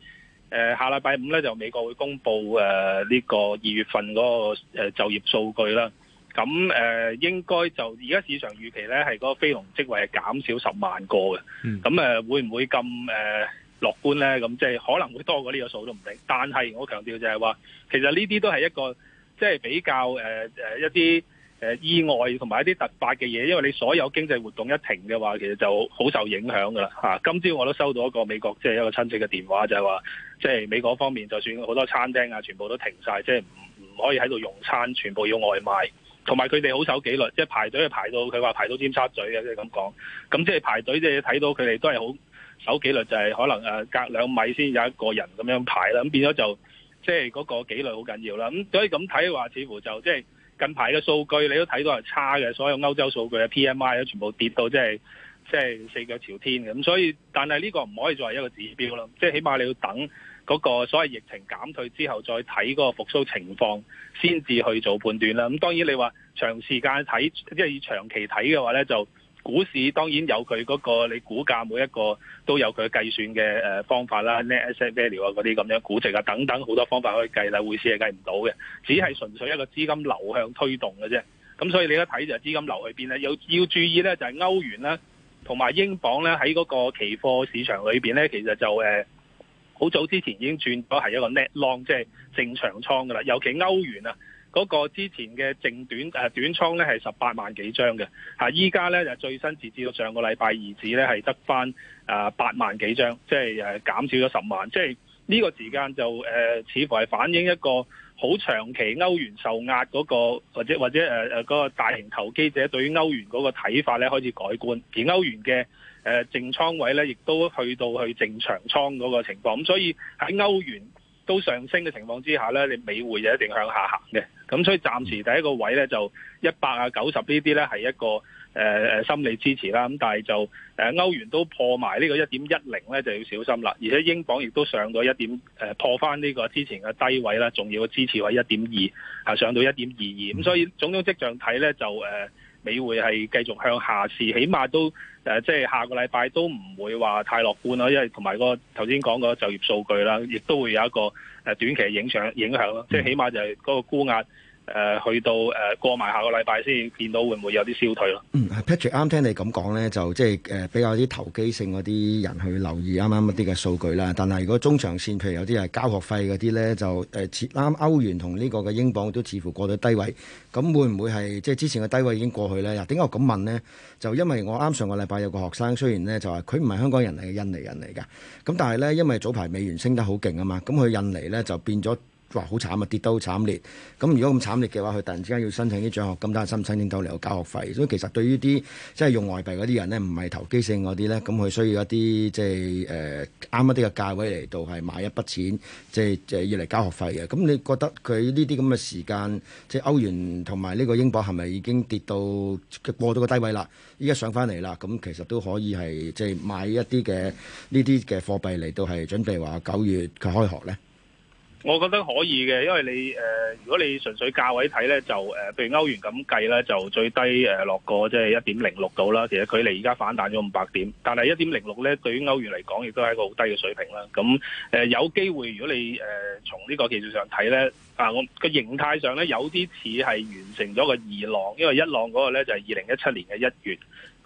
誒、呃，下禮拜五咧就美國會公布誒呢、呃這個二月份嗰個就業數據啦。咁誒、呃、應該就而家市場預期咧係嗰個非農職位係減少十萬個嘅。咁誒、嗯、會唔會咁誒、呃、樂觀咧？咁即係可能會多過呢個數都唔定。但係我強調就係話，其實呢啲都係一個即係、就是、比較誒、呃呃、一啲。誒意外同埋一啲突發嘅嘢，因為你所有經濟活動一停嘅話，其實就好受影響噶啦嚇。啊、今朝我都收到一個美國即係、就是、一個親戚嘅電話，就係話即係美國方面，就算好多餐廳啊，全部都停晒，即係唔唔可以喺度用餐，全部要外賣。同埋佢哋好守紀律，即係排隊都排到佢話排到尖沙咀嘅，即係咁講。咁即係排隊，即係睇到佢哋都係好守紀律，就係、是就是就是、可能誒隔兩米先有一個人咁樣排啦。咁變咗就即係嗰個紀律好緊要啦。咁所以咁睇嘅話，似乎就即、就是近排嘅數據你都睇到係差嘅，所有歐洲數據啊、PMI 都全部跌到即係即係四腳朝天嘅，咁所以但係呢個唔可以作為一個指標咯，即係起碼你要等嗰個所謂疫情減退之後再睇嗰個復甦情況先至去做判斷啦。咁當然你話長時間睇即係要長期睇嘅話咧就。股市當然有佢嗰個，你股價每一個都有佢計算嘅誒方法啦，net asset value 啊嗰啲咁樣估值啊等等好多方法可以計啦，匯市係計唔到嘅，只係純粹一個資金流向推動嘅啫。咁所以你一睇就資金流去邊咧？要要注意咧，就係歐元啦，同埋英鎊咧，喺嗰個期貨市場裏邊咧，其實就誒好早之前已經轉咗係一個 net long，即係正常倉噶啦。尤其歐元啊。嗰個之前嘅淨短誒短倉咧係十八萬幾張嘅，嚇依家咧就最新截至到上個禮拜二止咧係得翻誒八萬幾張，即係誒減少咗十萬，即係呢個時間就誒似乎係反映一個好長期歐元受壓嗰個，或者或者誒誒嗰個大型投機者對於歐元嗰個睇法咧開始改觀，而歐元嘅正淨倉位咧亦都去到去淨長倉嗰個情況，咁所以喺歐元。都上升嘅情況之下呢你美匯就一定向下行嘅。咁所以暫時第一個位呢，就一百啊九十呢啲呢，係一個誒誒、呃、心理支持啦。咁但係就誒歐元都破埋呢個一點一零呢，就要小心啦。而且英鎊亦都上到一點誒、呃、破翻呢個之前嘅低位啦，重要嘅支持位一點二啊上到一點二二。咁所以種種跡象睇呢，就誒、呃、美匯係繼續向下試，起碼都。誒、啊，即係下個禮拜都唔會話太樂觀咯，因為同埋個頭先講個就業數據啦，亦都會有一個誒短期影響影響咯，即係起碼就係嗰個沽壓。誒、呃、去到誒、呃、過埋下個禮拜先見到會唔會有啲消退咯？嗯，Patrick 啱聽你咁講咧，就即係誒比較啲投機性嗰啲人去留意啱啱啲嘅數據啦。但係如果中長線，譬如有啲係交學費嗰啲咧，就似啱、呃、歐元同呢個嘅英鎊都似乎過咗低位，咁會唔會係即係之前嘅低位已經過去咧？嗱，點解我咁問呢？就因為我啱上個禮拜有個學生，雖然咧就話佢唔係香港人嚟嘅，印尼人嚟㗎。咁但係咧，因為早排美元升得好勁啊嘛，咁佢印尼咧就變咗。話好慘啊，跌到好慘烈。咁如果咁慘烈嘅話，佢突然之間要申請啲獎學金，但係申請唔到嚟有交學費。所以其實對於啲即係用外幣嗰啲人呢，唔係投機性嗰啲咧，咁佢需要一啲即係誒啱一啲嘅價位嚟到係買一筆錢，即係即係要嚟交學費嘅。咁你覺得佢呢啲咁嘅時間，即係歐元同埋呢個英鎊係咪已經跌到過咗個低位啦？依家上翻嚟啦，咁其實都可以係即係買一啲嘅呢啲嘅貨幣嚟到係準備話九月佢開學咧。我覺得可以嘅，因為你誒、呃，如果你純粹價位睇咧，就誒，譬、呃、如歐元咁計咧，就最低誒、呃、落過即係一點零六度啦。其實佢離而家反彈咗五百點，但係一點零六咧，對於歐元嚟講，亦都係一個好低嘅水平啦。咁誒、呃、有機會，如果你誒、呃、從呢個技術上睇咧，啊，我個形態上咧有啲似係完成咗個二浪，因為一浪嗰個咧就係二零一七年嘅一月。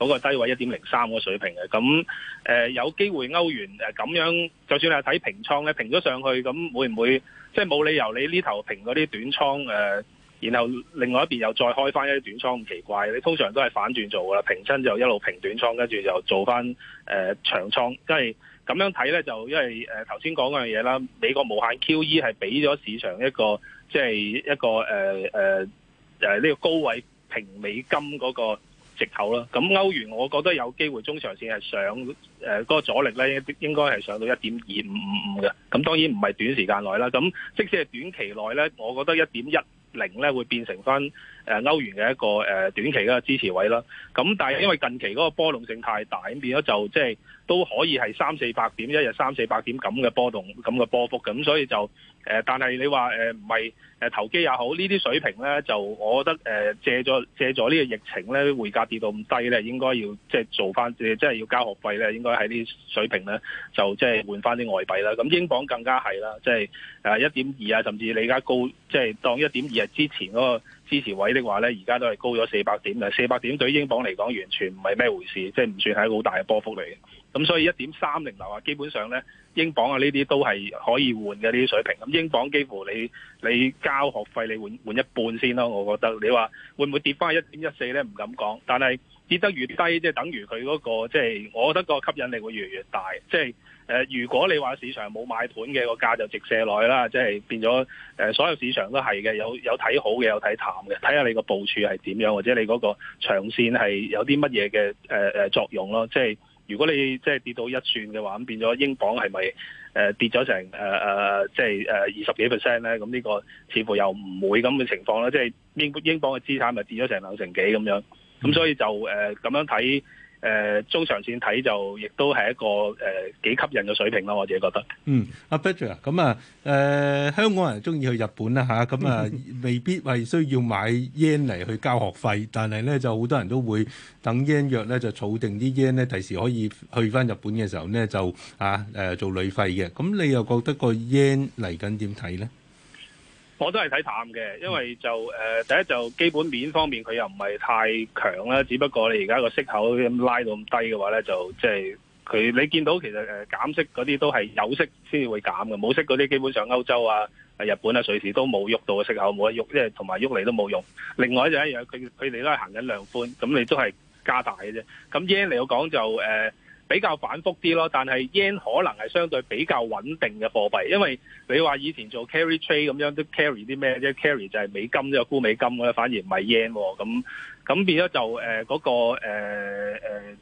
嗰個低位一點零三嗰水平嘅，咁、呃、有機會歐元咁樣，就算你係睇平倉咧，平咗上去咁會唔會即係冇理由你呢頭平嗰啲短倉、呃、然後另外一邊又再開翻一啲短倉咁奇怪？你通常都係反轉做噶啦，平身就一路平短倉，跟住就做翻、呃、長倉，即係咁樣睇咧就因為頭先講嗰樣嘢啦，美國無限 QE 係俾咗市場一個即係、就是、一個誒誒呢個高位平美金嗰、嗰個。直頭啦，咁歐元我覺得有機會中長線係上，誒、呃、嗰、那個阻力咧應該係上到一點二五五五嘅，咁當然唔係短時間內啦，咁即使係短期內咧，我覺得一點一零咧會變成翻。誒歐元嘅一個誒短期嘅支持位啦，咁但係因為近期嗰個波動性太大，咁變咗就即係都可以係三四百點，一日三四百點咁嘅波動，咁嘅波幅，咁所以就誒，但係你話唔係誒投機也好，呢啲水平咧就我覺得誒借咗借咗呢個疫情咧匯價跌到咁低咧，應該要即係做翻即係要交學費咧，應該喺啲水平咧就即係換翻啲外幣啦，咁英鎊更加係啦，即係誒一點二啊，甚至你而家高即係、就是、當一點二日之前嗰、那個。支持位的話呢，而家都係高咗四百點啦，四百點對英鎊嚟講，完全唔係咩回事，即係唔算係好大嘅波幅嚟嘅。咁所以一點三零樓啊，基本上呢，英鎊啊呢啲都係可以換嘅呢啲水平。咁英鎊幾乎你你交學費，你換換一半先咯。我覺得你話會唔會跌翻一點一四呢？唔敢講，但係跌得越低，即係等於佢嗰個即係，我覺得個吸引力會越嚟越大，即係。呃、如果你話市場冇買盤嘅、個價就直射落啦，即係變咗、呃、所有市場都係嘅，有有睇好嘅，有睇淡嘅，睇下你個部署係點樣，或者你嗰個長線係有啲乜嘢嘅作用咯。即係如果你即係跌到一算嘅話，咁變咗英鎊係咪跌咗成、呃呃、即係二十幾 percent 咧？咁呢個似乎又唔會咁嘅情況啦。即係英英鎊嘅資產咪跌咗成兩成幾咁樣，咁所以就誒、呃、咁樣睇。誒、呃、中長線睇就亦都係一個誒幾、呃、吸引嘅水平咯，我自己覺得。嗯，阿 Patrick 啊，咁啊誒，香港人中意去日本啦吓，咁啊，啊，啊 未必係需要買 yen 嚟去交學費，但係咧就好多人都會等 yen 弱呢，咧，就儲定啲 yen 呢，咧，第時可以去翻日本嘅時候咧就啊、呃、做旅費嘅。咁、啊、你又覺得個 yen 嚟緊點睇咧？我都係睇淡嘅，因為就、呃、第一就基本面方面佢又唔係太強啦，只不過你而家個息口拉到咁低嘅話咧，就即係佢你見到其實誒減息嗰啲都係有息先至會減嘅，冇息嗰啲基本上歐洲啊、日本啊、瑞士都冇喐到嘅息口冇得喐，即係同埋喐嚟都冇用。另外就一樣，佢佢哋都係行緊量寬，咁你都係加大嘅啫。咁耶嚟講就、呃比較反覆啲咯，但係 yen 可能係相對比較穩定嘅貨幣，因為你話以前做 carry trade 咁樣都 carry 啲咩啫？carry 就係美金即係沽美金咧，反而唔係 yen 喎。咁咁變咗就誒嗰、呃嗰個誒、呃、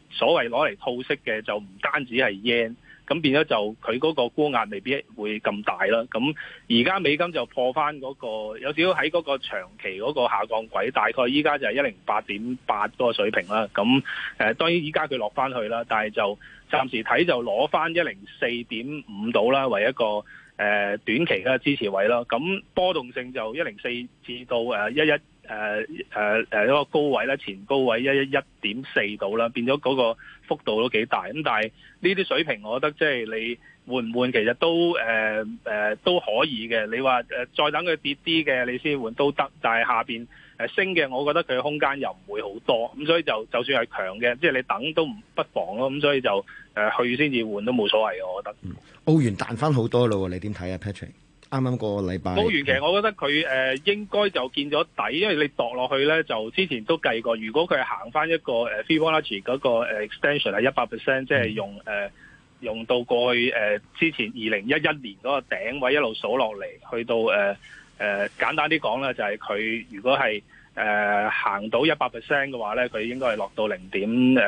所謂攞嚟套息嘅就唔單止係 yen。咁變咗就佢嗰個沽壓未必會咁大啦。咁而家美金就破翻嗰、那個有少少喺嗰個長期嗰個下降軌，大概依家就係一零八點八個水平啦。咁誒、呃、當然依家佢落翻去啦，但係就暫時睇就攞翻一零四點五到啦為一個、呃、短期嘅支持位啦。咁波動性就一零四至到誒一一。誒誒誒嗰個高位咧，前高位一一一點四度啦，變咗嗰個幅度都幾大。咁但係呢啲水平，我覺得即係你換唔換，其實都誒誒都可以嘅。你話誒再等佢跌啲嘅，你先換都得。但係下邊誒升嘅，我覺得佢空間又唔會好多。咁所以就就算係強嘅，即係你等都唔不妨咯。咁所以就誒去先至換都冇所謂我覺得。澳元彈翻好多咯，你點睇啊，Patrick？啱啱個禮拜，美元。其實我覺得佢誒、呃、應該就見咗底，因為你度落去咧，就之前都計過，如果佢係行翻一個 Fibonacci 嗰個 extension 係一百 percent，、就、即、是、係用誒、呃、用到過去誒、呃、之前二零一一年嗰個頂位一路數落嚟，去到誒誒、呃呃、簡單啲講咧，就係、是、佢如果係。誒、呃、行到一百 percent 嘅話咧，佢應該係落到零點誒誒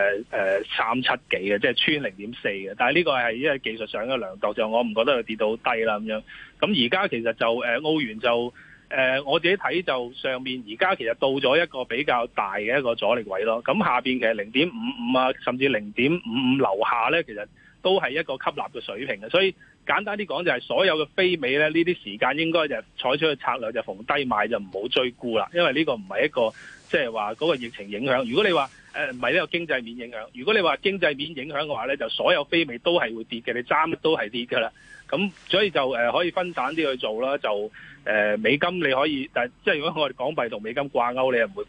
三七幾嘅，即係穿零點四嘅。但係呢個係因為技術上嘅量度，就我唔覺得佢跌到低啦咁樣。咁而家其實就誒澳、呃、元就誒、呃、我自己睇就上面而家其實到咗一個比較大嘅一個阻力位咯。咁下邊其實零點五五啊，甚至零點五五樓下咧，其實都係一個吸納嘅水平嘅，所以。簡單啲講就係所有嘅非美咧，呢啲時間應該就採取嘅策略就逢低買就唔好追沽啦，因為呢個唔係一個即係話嗰個疫情影響。如果你話誒唔係呢個經濟面影響，如果你話經濟面影響嘅話咧，就所有非美都係會跌嘅，你揸都係跌㗎啦。咁所以就誒可以分散啲去做啦，就誒、呃、美金你可以，但即係如果我哋港幣同美金掛鈎，你又唔會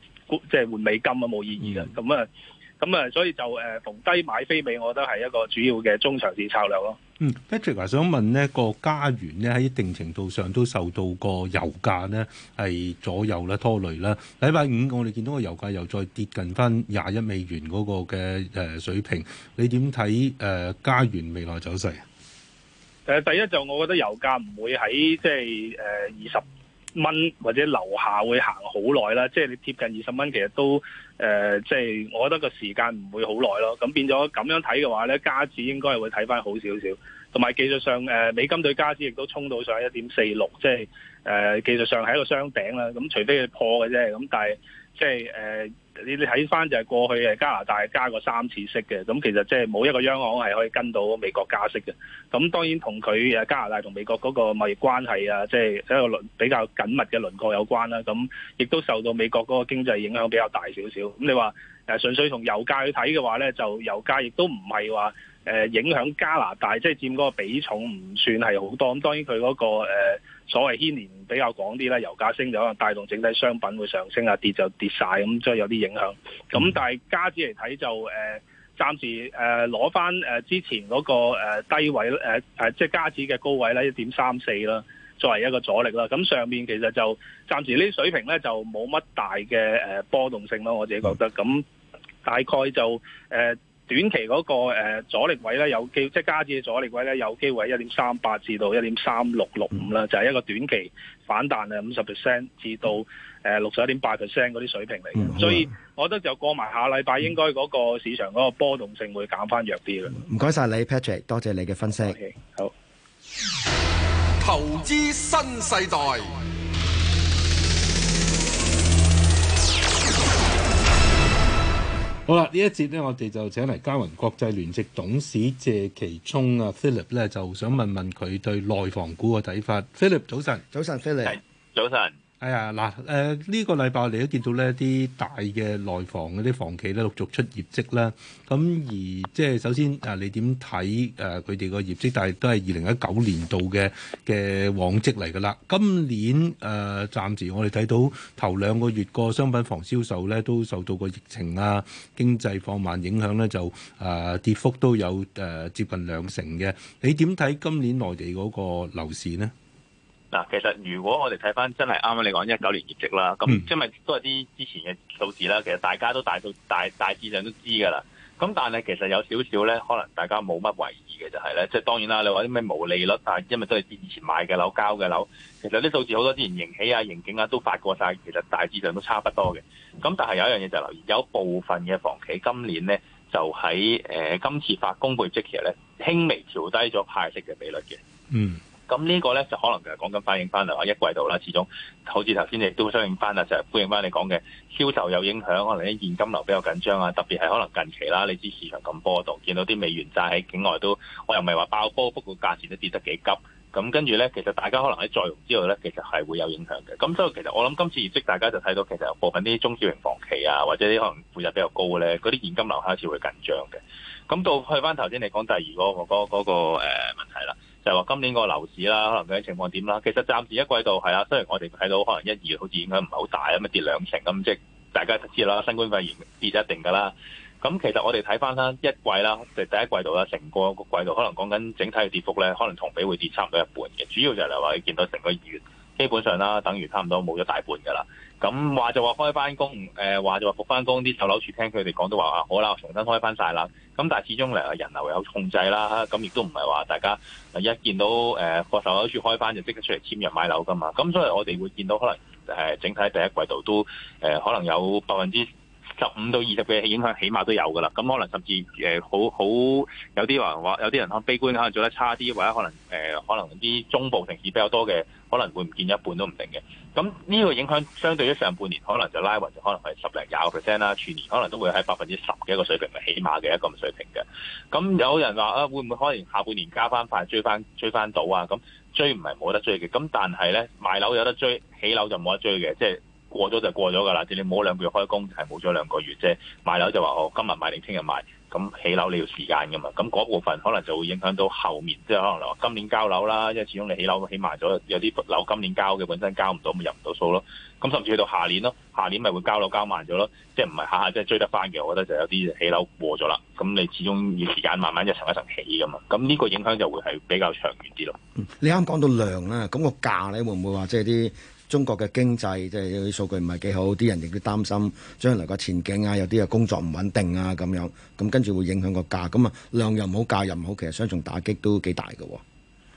即係換美金啊，冇意義嘅。咁啊咁啊，所以就誒逢低買非美，我覺得係一個主要嘅中長線策略咯。嗯，Patrick 啊，我想問呢個加元呢，喺一定程度上都受到個油價呢，係左右啦拖累啦。禮拜五我哋見到個油價又再跌近翻廿一美元嗰個嘅誒水平，你點睇誒加元未來走勢？誒，第一就我覺得油價唔會喺即係誒二十呃蚊或者樓下會行好耐啦，即係你貼近二十蚊，其實都誒，即係我覺得個時間唔會好耐咯。咁變咗咁樣睇嘅話呢，加指應該係會睇翻好少少，同埋技術上誒美金對加指亦都衝到上一點四六，即係誒技術上係一個雙頂啦。咁除非佢破嘅啫，咁但係。即係誒，你你睇翻就係過去係加拿大加過三次息嘅，咁其實即係冇一個央行係可以跟到美國加息嘅。咁當然同佢誒加拿大同美國嗰個貿易關係啊，即係一個輪比較緊密嘅輪廓有關啦。咁亦都受到美國嗰個經濟影響比較大少少。咁你話誒純粹從油價去睇嘅話咧，就油價亦都唔係話誒影響加拿大，即係佔嗰個比重唔算係好多。咁當然佢嗰個誒所謂牽連比較廣啲啦，油價升就可能帶動整體商品會上升啊，跌就跌晒，咁，所以有啲影響。咁但係家指嚟睇就誒、呃、暫時誒攞翻誒之前嗰個低位誒、呃、即係加指嘅高位咧一點三四啦，作為一個阻力啦。咁上面其實就暫時呢啲水平咧就冇乜大嘅波動性咯，我自己覺得咁的大概就誒。呃短期嗰、那個、呃、阻力位咧有機會，即係加至阻力位咧有機會喺一點三八至到一點三六六五啦，就係一個短期反彈啊五十 percent 至到誒六十一點八 percent 嗰啲水平嚟嘅，嗯、所以我覺得就過埋下禮拜應該嗰個市場嗰個波動性會減返弱啲啦。唔該晒你 Patrick，多謝你嘅分析。Okay, 好，投資新世代。好啦，一節呢一節咧，我哋就請嚟嘉雲國際聯席董事謝其聰啊 Philip 咧，就想問問佢對內房股嘅睇法。Philip，早晨，早晨，Philip，早晨。Philip 係啊，嗱、哎，誒、呃、呢、這個禮拜你都見到呢啲大嘅內房嗰啲房企咧陸續出業績啦。咁、嗯、而即係首先啊，你點睇誒佢哋個業績？但係都係二零一九年度嘅嘅往績嚟㗎啦。今年誒暫、呃、時我哋睇到頭兩個月個商品房銷售咧，都受到個疫情啊、經濟放慢影響咧，就啊、呃、跌幅都有誒、呃、接近兩成嘅。你點睇今年內地嗰個樓市呢？嗱，其實如果我哋睇翻真係啱啱你講一九年業績啦，咁因為都係啲之前嘅數字啦，其實大家都大數大大致上都知㗎啦。咁但係其實有少少咧，可能大家冇乜懷疑嘅就係、是、咧，即、就、係、是、當然啦。你話啲咩毛利率啊？但因為都係以前買嘅樓、交嘅樓，其實啲數字好多之前盈喜啊、盈警啊都發過晒，其實大致上都差不多嘅。咁但係有一樣嘢就留意，有部分嘅房企今年咧就喺、呃、今次發公佈業績時咧，輕微調低咗派息嘅比率嘅。嗯。咁呢個咧就可能就講緊反映翻嚟話一季度啦，始終好似頭先你都相應翻啊，就係呼應翻你講嘅銷售有影響，可能啲現金流比較緊張啊，特別係可能近期啦，你知市場咁波動，見到啲美元債喺境外都，我又唔係話爆波，不過價錢都跌得幾急。咁跟住咧，其實大家可能喺再融之後咧，其實係會有影響嘅。咁所以其實我諗今次業績大家就睇到，其實有部分啲中小型房企啊，或者啲可能負債比較高咧，嗰啲現金流開始會緊張嘅。咁到去翻頭先你講第二個嗰個誒問題啦。就係話今年個樓市啦，可能究竟情況點啦？其實暫時一季度係啦，雖然我哋睇到可能一二月好似影響唔係好大啊，咩跌兩成咁，即係大家知啦，新冠肺炎跌就一定㗎啦。咁其實我哋睇翻啦，一季啦，即係第一季度啦，成個個季度可能講緊整體嘅跌幅咧，可能同比會跌差唔多一半嘅。主要就係話你見到成個二月基本上啦，等於差唔多冇咗大半㗎啦。咁話就話開翻工，誒話就話復翻工，啲售樓處聽佢哋講都話話好啦，我重新開翻曬啦。咁但係始終嚟人流有控制啦，咁亦都唔係話大家一見到誒個售樓處開翻就即刻出嚟簽約買樓噶嘛。咁所以我哋會見到可能誒整體第一季度都誒可能有百分之十五到二十嘅影響，起碼都有㗎啦。咁可能甚至誒、呃、好好有啲話話，有啲人可能悲觀，可能做得差啲，或者可能誒、呃、可能啲中部城市比較多嘅，可能會唔見一半都唔定嘅。咁呢個影響相對於上半年，可能就拉勻，就可能係十零廿個 percent 啦。全年可能都會喺百分之十嘅一個水平，係起碼嘅一個水平嘅。咁有人話啊，會唔會可能下半年加翻快，追翻追翻到啊？咁追唔係冇得追嘅。咁但係咧，買樓有得追，起樓就冇得追嘅，即係。過咗就過咗㗎啦，即係你冇兩個月開工，係冇咗兩個月啫。即買樓就話哦，今日買定，聽日買，咁起樓你要時間㗎嘛。咁嗰部分可能就會影響到後面，即係可能話今年交樓啦，因為始終你起樓起慢咗，有啲樓今年交嘅本身交唔到，入唔到數咯。咁甚至去到下年咯，下年咪會交樓交慢咗咯，即係唔係下下即係追得翻嘅？我覺得就有啲起樓過咗啦。咁你始終要時間慢慢一層一層起㗎嘛。咁呢個影響就會係比較長遠啲咯。嗯，你啱講到量啦，咁個價你會唔會話即係啲？中國嘅經濟即係、就是、有啲數據唔係幾好，啲人亦都擔心將來個前景啊，有啲啊工作唔穩定啊咁樣，咁跟住會影響個價，咁啊量又唔好，價又唔好，其實雙重打擊都幾大嘅、哦。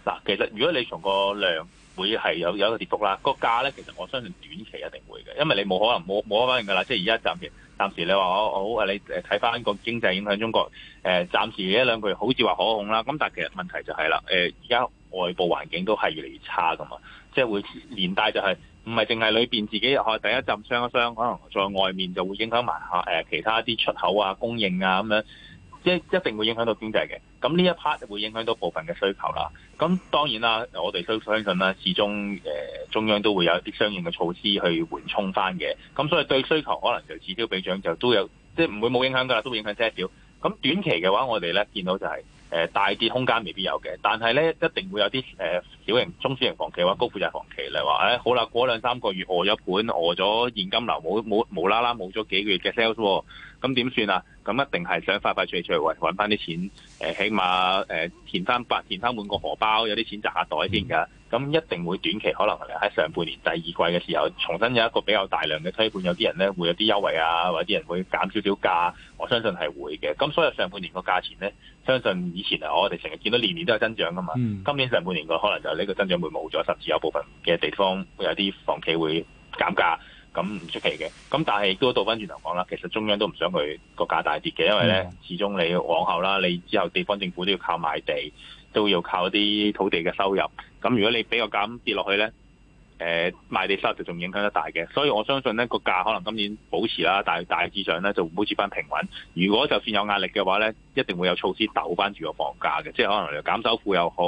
嗱，其實如果你從個量會係有有一個跌幅啦，個價咧其實我相信短期一定會嘅，因為你冇可能冇冇可能㗎啦，即係而家暫時暫時你話我好啊，你睇翻個經濟影響中國誒、呃，暫時一兩句好似話可控啦，咁但係其實問題就係、是、啦，誒而家外部環境都係越嚟越差噶嘛。即係會連帶就係唔係淨係裏邊自己可第一浸傷一傷，可能在外面就會影響埋誒其他啲出口啊、供應啊咁樣，即係一定會影響到經濟嘅。咁呢一 part 會影響到部分嘅需求啦。咁當然啦，我哋都相信啦，始終誒、呃、中央都會有一啲相應嘅措施去緩衝翻嘅。咁所以對需求可能就此消彼長，就都有即係唔會冇影響㗎喇，都會影響些少。咁短期嘅話我們呢，我哋咧見到就係、是。大跌空間未必有嘅，但係咧一定會有啲、呃、小型、中小型房企或者高庫存房企嚟話、哎：好啦，過兩三個月餓咗本餓咗現金流，冇冇無啦啦冇咗幾個月嘅 sales，咁點算啊？咁、哦、一定係想快快脆脆搵翻啲錢、呃，起碼誒、呃、填翻填翻滿個荷包，有啲錢擇下袋先㗎。嗯咁一定會短期可能喺上半年第二季嘅時候，重新有一個比較大量嘅推盤。有啲人呢會有啲優惠啊，或者啲人會減少少價，我相信係會嘅。咁所以上半年個價錢呢，相信以前啊，我哋成日見到年年都有增長噶嘛。嗯、今年上半年個可能就呢個增長會冇咗，甚至有部分嘅地方會有啲房企會減價，咁唔出奇嘅。咁但係亦都倒翻轉頭講啦，其實中央都唔想佢個價大跌嘅，因為呢、嗯、始終你往後啦，你之後地方政府都要靠買地。都要靠一啲土地嘅收入，咁如果你俾個減跌落去呢，誒賣地收入就仲影響得大嘅，所以我相信呢個價可能今年保持啦，但係大致上呢就會保持翻平穩。如果就算有壓力嘅話呢，一定會有措施抖翻住個房價嘅，即係可能減首付又好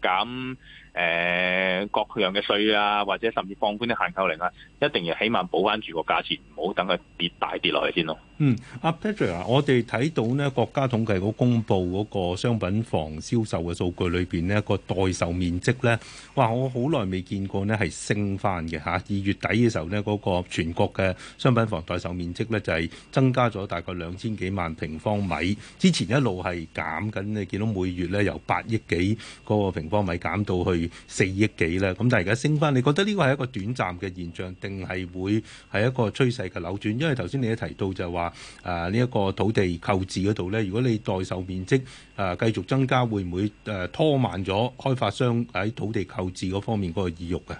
減。誒各樣嘅稅啊，或者甚至放寬啲限購令啊，一定要起碼保翻住個價錢，唔好等佢跌大跌落去先咯。嗯，阿 Patrick 啊，我哋睇到咧國家統計局公布嗰個商品房銷售嘅數據裏邊呢，個待售面積呢，哇！我好耐未見過呢，係升翻嘅嚇。二月底嘅時候呢，嗰個全國嘅商品房待售面積呢，就係增加咗大概兩千幾萬平方米，之前一路係減緊，你見到每月呢由八億幾嗰個平方米減到去。四億幾啦，咁但係而家升翻，你覺得呢個係一個短暫嘅現象，定係會係一個趨勢嘅扭轉？因為頭先你提到就話，誒呢一個土地購置嗰度呢，如果你待售面積誒繼續增加，會唔會誒拖慢咗開發商喺土地購置嗰方面嗰個意欲嘅？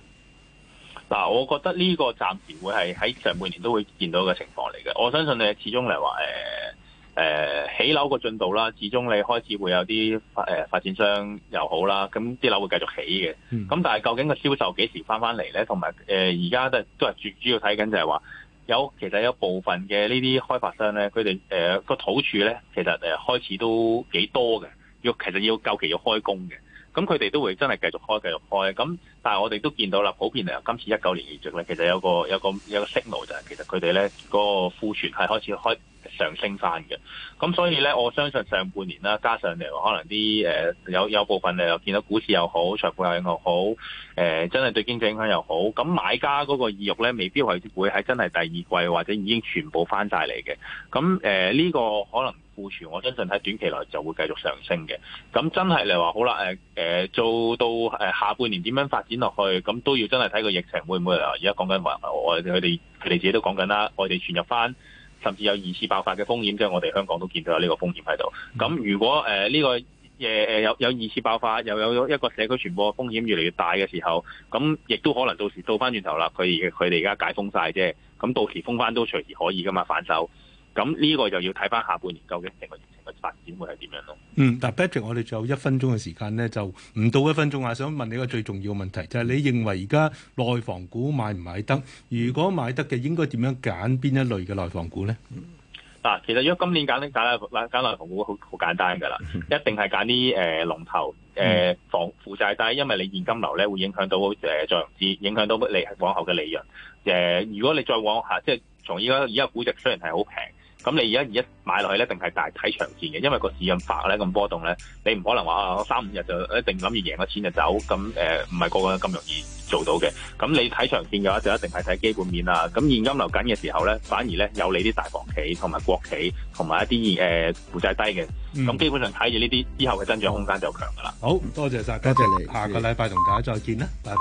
嗱，我覺得呢個暫時會係喺上半年都會見到嘅情況嚟嘅。我相信你始終嚟話誒。呃誒起樓個進度啦，始終你開始會有啲誒發、呃、發展商又好啦，咁啲樓會繼續起嘅。咁、嗯、但係究竟個銷售幾時翻翻嚟咧？同埋誒而家都係都係最主要睇緊就係話有其實有部分嘅呢啲開發商咧，佢哋誒個土儲咧其實誒開始都幾多嘅，要其實要夠期要開工嘅。咁佢哋都會真係繼續開繼續開，咁但係我哋都見到啦，普遍嚟講，今次一九年業績咧，其實有個有個有個 signal 就係、是、其實佢哋咧嗰個庫存係開始開始上升翻嘅。咁所以咧，我相信上半年啦，加上嚟話可能啲誒、呃、有有部分又見到股市又好，財富影響又好，誒、呃、真係對經濟影響又好，咁買家嗰個意欲咧未必會係真係第二季或者已經全部翻晒嚟嘅。咁呢、呃呢個可能。我相信喺短期內就會繼續上升嘅。咁真係嚟話好啦，誒誒做到誒下半年點樣發展落去，咁都要真係睇個疫情會唔會啊？而家講緊話，我哋佢哋佢哋自己都講緊啦，我哋傳入翻，甚至有二次爆發嘅風險，即係我哋香港都見到有呢個風險喺度。咁如果誒呢個誒誒有有二次爆發，又有一個社區傳播風險越嚟越大嘅時候，咁亦都可能到時到翻轉頭啦。佢佢哋而家解封晒啫，咁到時封翻都隨時可以噶嘛，反手。咁呢個就要睇翻下半年究竟成個疫情嘅發展會係點樣咯？嗯，但 Patrick，我哋仲有一分鐘嘅時間咧，就唔到一分鐘啊！想問你個最重要嘅問題，就係、是、你認為而家內房股買唔買得？如果買得嘅，應該點樣揀邊一類嘅內房股咧？嗱、啊，其實如果今年揀啲揀內房股，好好簡單㗎啦，一定係揀啲龍龍頭房、呃、負債低，因為你現金流咧會影響到誒再融資，影響到利往後嘅利潤、呃。如果你再往下，即係從依家，依家估值雖然係好平。咁你而家而一買落去咧，一定係大睇長線嘅，因為個市咁白咧，咁波動咧，你唔可能話啊三五日就一定諗住贏咗錢就走，咁誒唔係個個咁容易做到嘅。咁你睇長線嘅話，就一定係睇基本面啦。咁現金流緊嘅時候咧，反而咧有你啲大房企同埋國企同埋一啲誒、呃、負債低嘅，咁、嗯、基本上睇住呢啲之後嘅增長空間就強㗎啦。好多謝晒，多謝你，多謝你，下個禮拜同大家再見啦。拜拜。